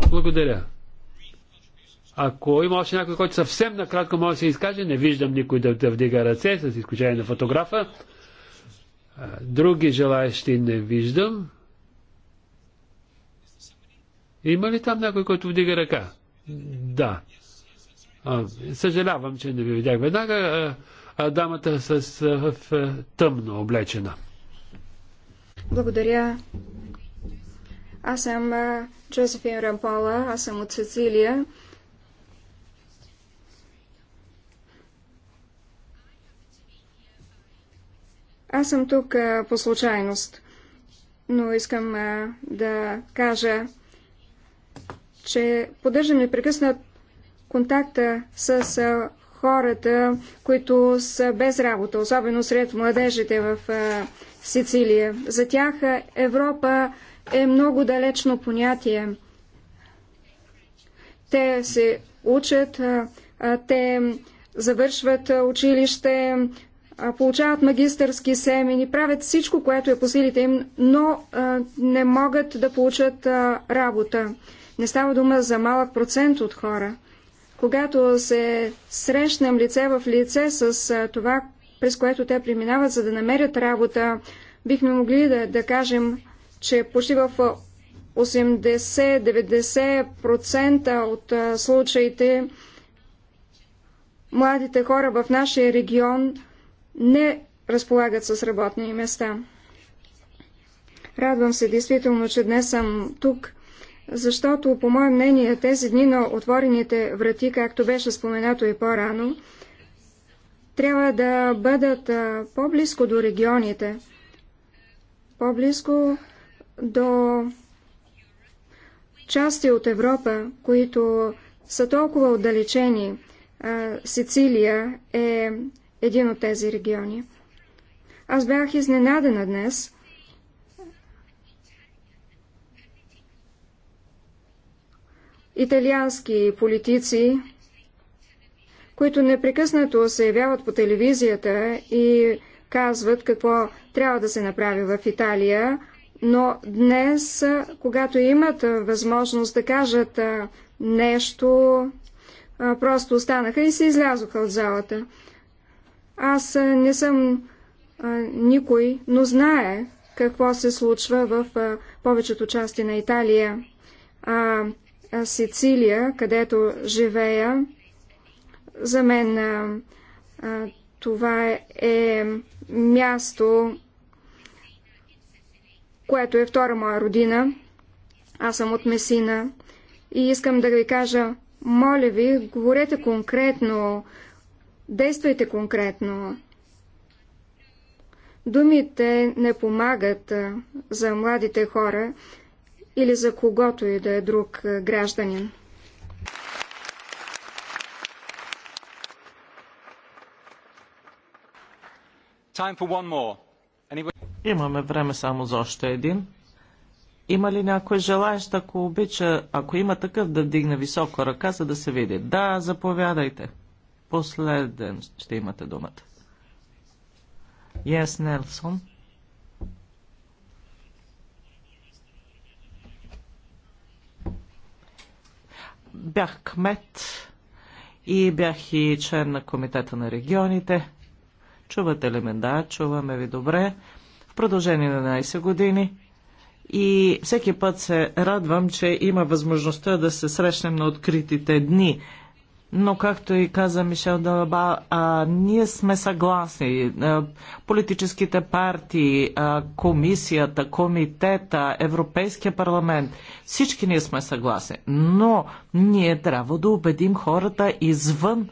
Благодаря. Ако има още някой, който съвсем накратко може да се изкаже, не виждам никой да, да вдига ръце, с изключение на фотографа. Други желаящи не виждам. Има ли там някой, който вдига ръка? Да. А, съжалявам, че не ви видях веднага. А, а дамата с а, в, тъмно облечена. Благодаря, аз съм Джозефин Рампола, аз съм от Сицилия. Аз съм тук а, по случайност, но искам а, да кажа, че поддържам непрекъснат контакта с а, хората, които са без работа, особено сред младежите в Сицилия. За тях Европа е много далечно понятие. Те се учат, те завършват училище, получават магистърски семени, правят всичко, което е по силите им, но не могат да получат работа. Не става дума за малък процент от хора. Когато се срещнем лице в лице с това, през което те преминават, за да намерят работа, бихме могли да, да кажем, че почти в 80-90% от случаите младите хора в нашия регион не разполагат с работни места. Радвам се действително, че днес съм тук, защото, по мое мнение, тези дни на отворените врати, както беше споменато и по-рано, трябва да бъдат по-близко до регионите, по-близко до части от Европа, които са толкова отдалечени. Сицилия е един от тези региони. Аз бях изненадена днес. Италиански политици, които непрекъснато се явяват по телевизията и казват какво трябва да се направи в Италия, но днес, когато имат възможност да кажат нещо, просто останаха и се излязоха от залата. Аз не съм никой, но знае какво се случва в повечето части на Италия. А Сицилия, където живея, за мен това е място, което е втора моя родина. Аз съм от Месина и искам да ви кажа, моля ви, говорете конкретно, действайте конкретно. Думите не помагат за младите хора или за когото и да е друг гражданин. Time for one more. Anybody? Имаме време само за още един. Има ли някой желаещ, ако обича, ако има такъв, да дигне високо ръка, за да се види? Да, заповядайте. Последен ще имате думата. Yes, Нелсон. Бях кмет и бях и член на Комитета на регионите. Чувате ли ме? Да, чуваме ви добре в продължение на 11 години и всеки път се радвам, че има възможността да се срещнем на откритите дни. Но, както и каза Мишел Далаба, а, ние сме съгласни. А, политическите партии, а, комисията, комитета, Европейския парламент, всички ние сме съгласни. Но ние трябва да убедим хората извън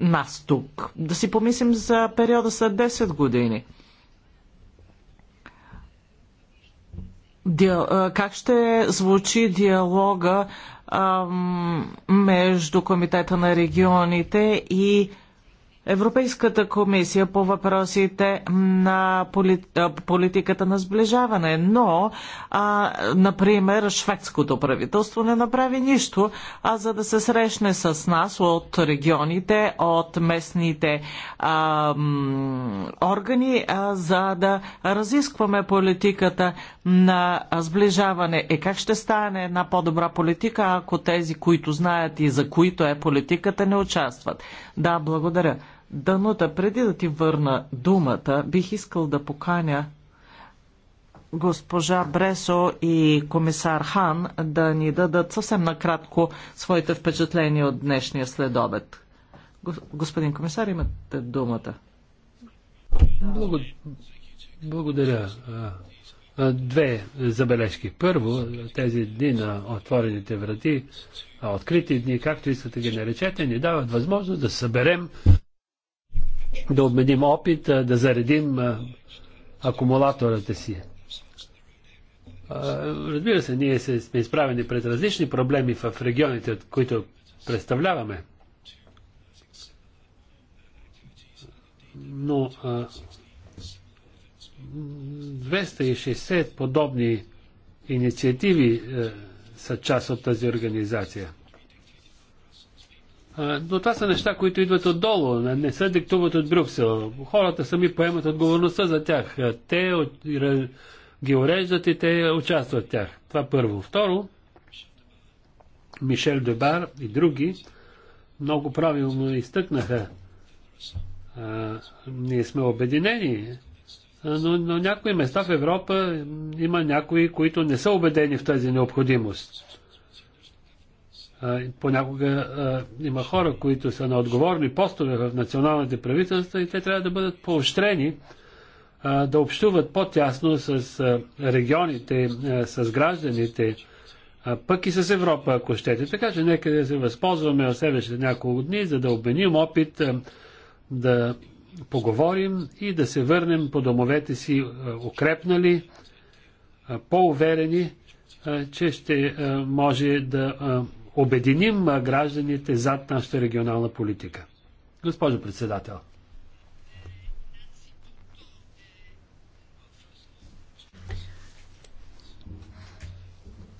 нас тук. Да си помислим за периода след 10 години – как ще звучи диалога между Комитета на регионите и Европейската комисия по въпросите на политиката на сближаване. Но, а, например, шведското правителство не направи нищо, а за да се срещне с нас от регионите, от местните а, органи, а, за да разискваме политиката на сближаване. Е как ще стане една по-добра политика, ако тези, които знаят и за които е политиката, не участват? Да, благодаря. Данута, преди да ти върна думата, бих искал да поканя госпожа Бресо и комисар Хан да ни дадат съвсем накратко своите впечатления от днешния следобед. Господин комисар, имате думата. Благодаря. Две забележки. Първо, тези дни на отворените врати, открити дни, както искате ги наречете, ни дават възможност да съберем да обменим опит, да заредим акумулатората си. Разбира се, ние сме изправени пред различни проблеми в регионите, от които представляваме. Но 260 подобни инициативи е, са част от тази организация. Но това са неща, които идват отдолу, не се диктуват от Брюксел. Хората сами поемат отговорността за тях. Те ги уреждат и те участват в тях. Това първо. Второ, Мишел Дебар и други много правилно изтъкнаха. А, ние сме обединени, но но някои места в Европа има някои, които не са убедени в тази необходимост. Понякога има хора, които са на отговорни постове в националните правителства и те трябва да бъдат поощрени да общуват по-тясно с регионите, с гражданите, пък и с Европа, ако щете. Така че нека да се възползваме от следващите няколко дни, за да обменим опит, да поговорим и да се върнем по домовете си укрепнали, по-уверени, че ще може да обединим гражданите зад нашата регионална политика. Госпожо председател.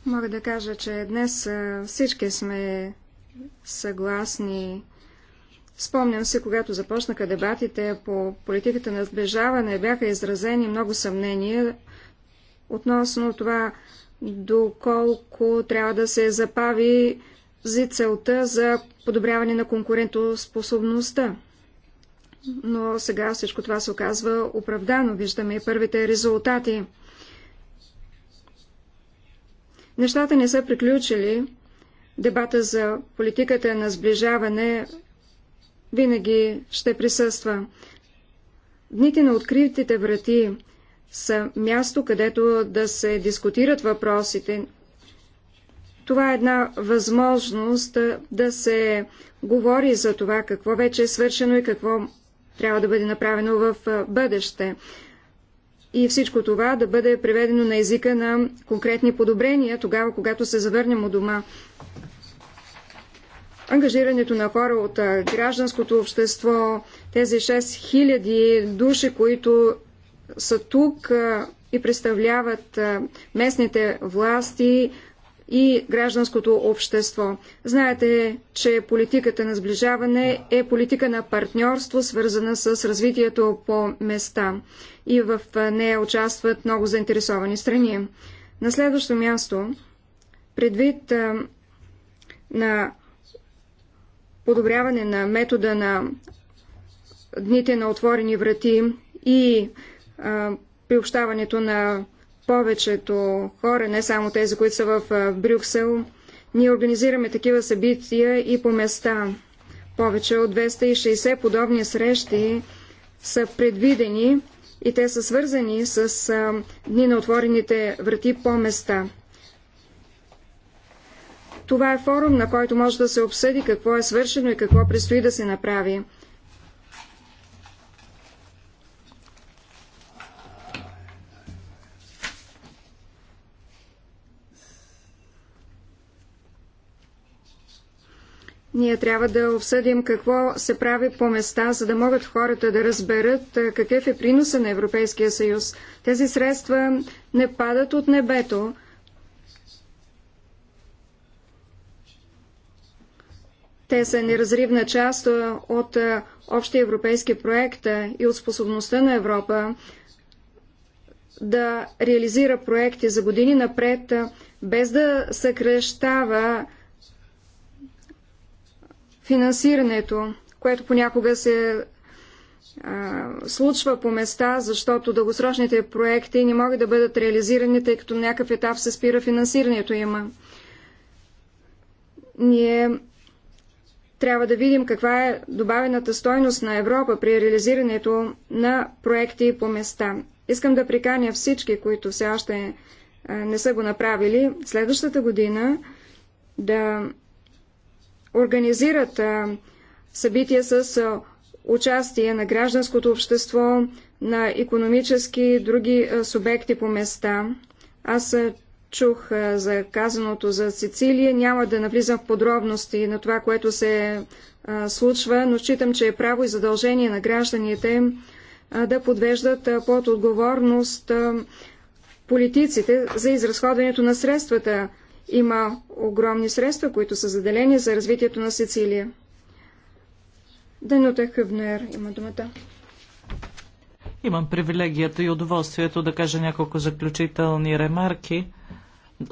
Мога да кажа, че днес всички сме съгласни. Спомням се, когато започнаха дебатите по политиката на сближаване, бяха изразени много съмнения относно това доколко трябва да се запави за целта за подобряване на конкурентоспособността. Но сега всичко това се оказва оправдано. Виждаме и първите резултати. Нещата не са приключили. Дебата за политиката на сближаване винаги ще присъства. Дните на откритите врати, са място, където да се дискутират въпросите. Това е една възможност да се говори за това какво вече е свършено и какво трябва да бъде направено в бъдеще. И всичко това да бъде преведено на езика на конкретни подобрения, тогава, когато се завърнем от дома. Ангажирането на хора от гражданското общество, тези 6000 души, които са тук и представляват местните власти и гражданското общество. Знаете, че политиката на сближаване е политика на партньорство, свързана с развитието по места и в нея участват много заинтересовани страни. На следващо място, предвид на подобряване на метода на дните на отворени врати и приобщаването на повечето хора, не само тези, които са в Брюксел. Ние организираме такива събития и по места. Повече от 260 подобни срещи са предвидени и те са свързани с дни на отворените врати по места. Това е форум, на който може да се обсъди какво е свършено и какво предстои да се направи. Ние трябва да обсъдим какво се прави по места, за да могат хората да разберат какъв е приноса на Европейския съюз. Тези средства не падат от небето. Те са неразривна част от общия европейски проект и от способността на Европа да реализира проекти за години напред, без да съкрещава финансирането, което понякога се а, случва по места, защото дългосрочните проекти не могат да бъдат реализирани, тъй като някакъв етап се спира финансирането има. Ние трябва да видим каква е добавената стойност на Европа при реализирането на проекти по места. Искам да приканя всички, които все още не са го направили, следващата година да организират събития с участие на гражданското общество, на економически и други субекти по места. Аз чух за казаното за Сицилия. Няма да навлизам в подробности на това, което се случва, но считам, че е право и задължение на гражданите да подвеждат под отговорност политиците за изразходването на средствата, има огромни средства, които са заделени за развитието на Сицилия. Данута Хъвнер има думата. Имам привилегията и удоволствието да кажа няколко заключителни ремарки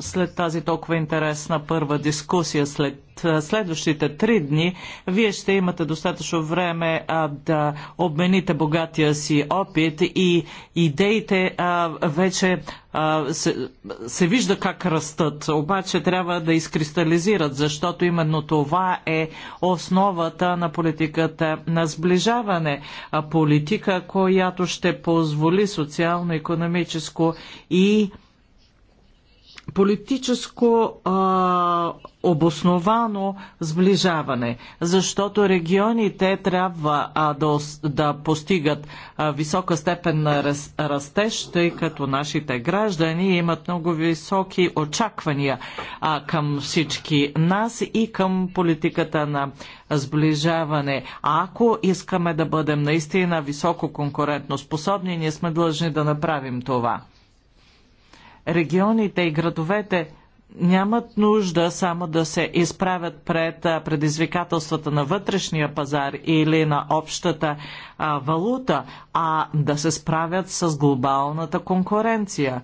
след тази толкова интересна първа дискусия, след следващите три дни, вие ще имате достатъчно време а, да обмените богатия си опит и идеите а, вече а, се, се вижда как растат, обаче трябва да изкристализират, защото именно това е основата на политиката на сближаване. А политика, която ще позволи социално, економическо и политическо а, обосновано сближаване, защото регионите трябва а, да, да постигат а, висока степен на раз, растеж, тъй като нашите граждани имат много високи очаквания а, към всички нас и към политиката на сближаване. А ако искаме да бъдем наистина високо конкурентно способни, ние сме длъжни да направим това регионите и градовете нямат нужда само да се изправят пред предизвикателствата на вътрешния пазар или на общата а, валута, а да се справят с глобалната конкуренция.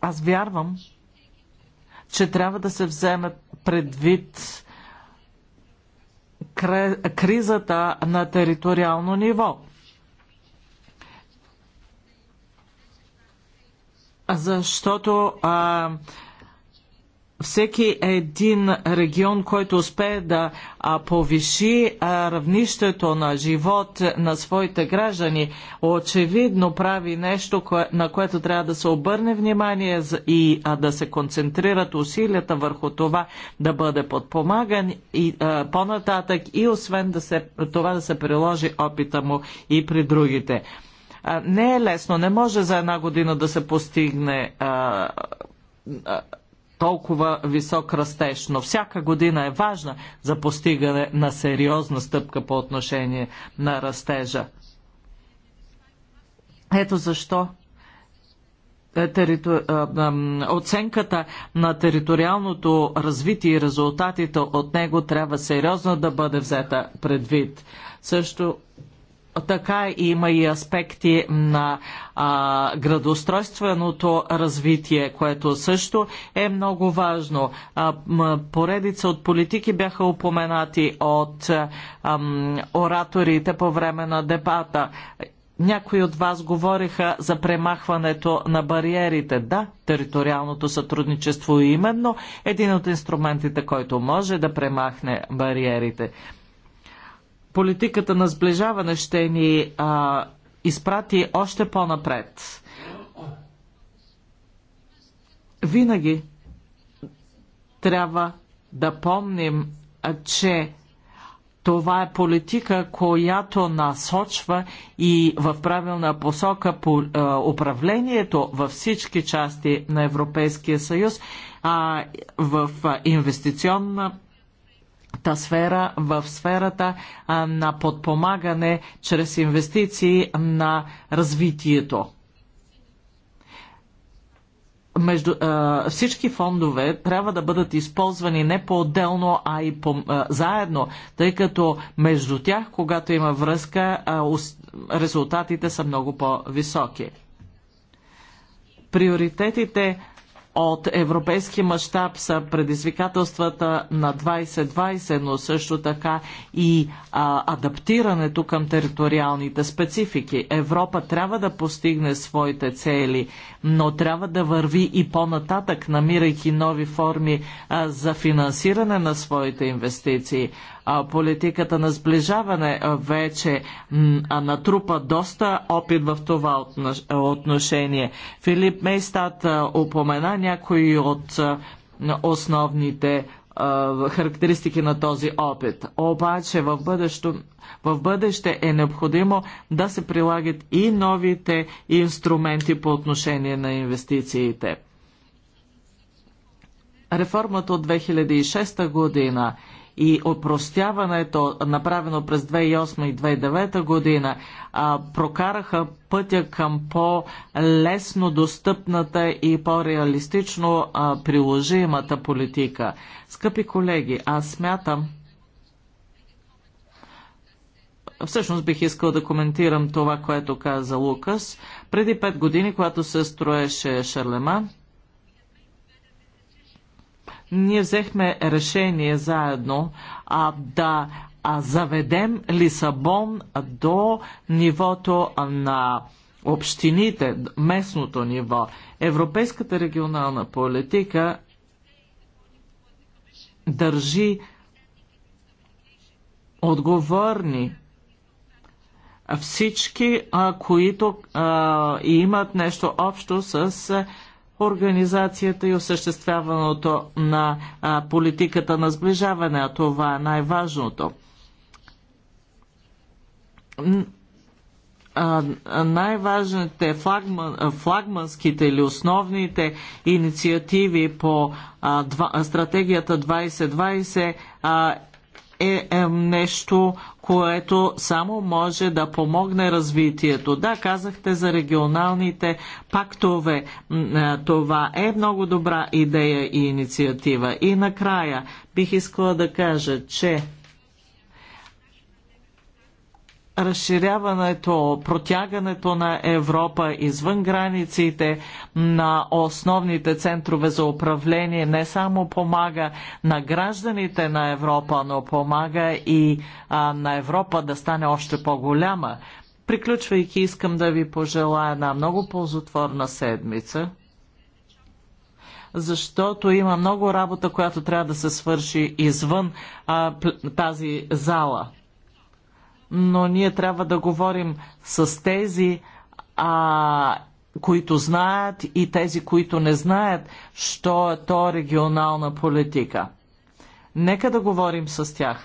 Аз вярвам, че трябва да се вземе предвид кризата на териториално ниво. защото а, всеки един регион, който успее да повиши равнището на живот на своите граждани, очевидно прави нещо, на което трябва да се обърне внимание и да се концентрират усилията върху това да бъде подпомаган и по-нататък и освен да се, това да се приложи опита му и при другите. Не е лесно, не може за една година да се постигне а, а, толкова висок растеж, но всяка година е важна за постигане на сериозна стъпка по отношение на растежа. Ето защо е, оценката на териториалното развитие и резултатите от него трябва сериозно да бъде взета предвид. Също така има и аспекти на а, градоустройственото развитие, което също е много важно. А, поредица от политики бяха упоменати от а, ораторите по време на дебата. Някои от вас говориха за премахването на бариерите. Да, териториалното сътрудничество е именно един от инструментите, който може да премахне бариерите политиката на сближаване ще ни а, изпрати още по-напред. Винаги трябва да помним, че това е политика, която насочва и в правилна посока по управлението във всички части на Европейския съюз а, в инвестиционна сфера, в сферата на подпомагане чрез инвестиции на развитието. Между, а, всички фондове трябва да бъдат използвани не по-отделно, а и по, а, заедно, тъй като между тях, когато има връзка, а, ус, резултатите са много по-високи. Приоритетите от европейски мащаб са предизвикателствата на 2020, но също така и а, адаптирането към териториалните специфики. Европа трябва да постигне своите цели, но трябва да върви и по-нататък, намирайки нови форми а, за финансиране на своите инвестиции политиката на сближаване вече натрупа доста опит в това отношение. Филип Мейстат упомена някои от основните характеристики на този опит. Обаче в бъдеще, в бъдеще е необходимо да се прилагат и новите инструменти по отношение на инвестициите. Реформата от 2006 година и опростяването, направено през 2008 и 2009 година, прокараха пътя към по-лесно достъпната и по-реалистично приложимата политика. Скъпи колеги, аз смятам, Всъщност бих искал да коментирам това, което каза Лукас. Преди пет години, когато се строеше Шарлеман, ние взехме решение заедно а, да а, заведем Лисабон до нивото на общините, местното ниво. Европейската регионална политика държи отговорни всички, а, които а, имат нещо общо с организацията и осъществяването на политиката на сближаване, а това е най-важното. най-важните флагман, флагманските или основните инициативи по а, два, стратегията 2020 а, е, е, нещо, което само може да помогне развитието. Да, казахте за регионалните пактове. Е, това е много добра идея и инициатива. И накрая бих искала да кажа, че разширяването, протягането на Европа извън границите на основните центрове за управление не само помага на гражданите на Европа, но помага и а, на Европа да стане още по-голяма. Приключвайки, искам да ви пожелая една много ползотворна седмица, защото има много работа, която трябва да се свърши извън а, тази зала но ние трябва да говорим с тези, а, които знаят и тези, които не знаят, що е то регионална политика. Нека да говорим с тях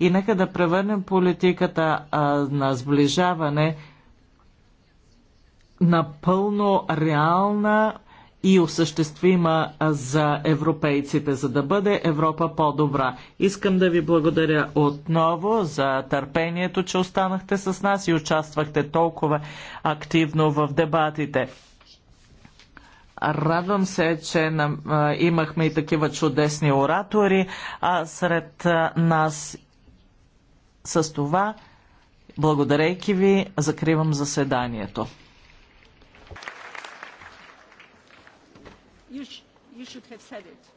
и нека да превърнем политиката а, на сближаване на пълно реална и осъществима за европейците, за да бъде Европа по-добра. Искам да ви благодаря отново за търпението, че останахте с нас и участвахте толкова активно в дебатите. Радвам се, че имахме и такива чудесни оратори а сред нас. С това, благодарейки ви, закривам заседанието. you, sh you should have said it.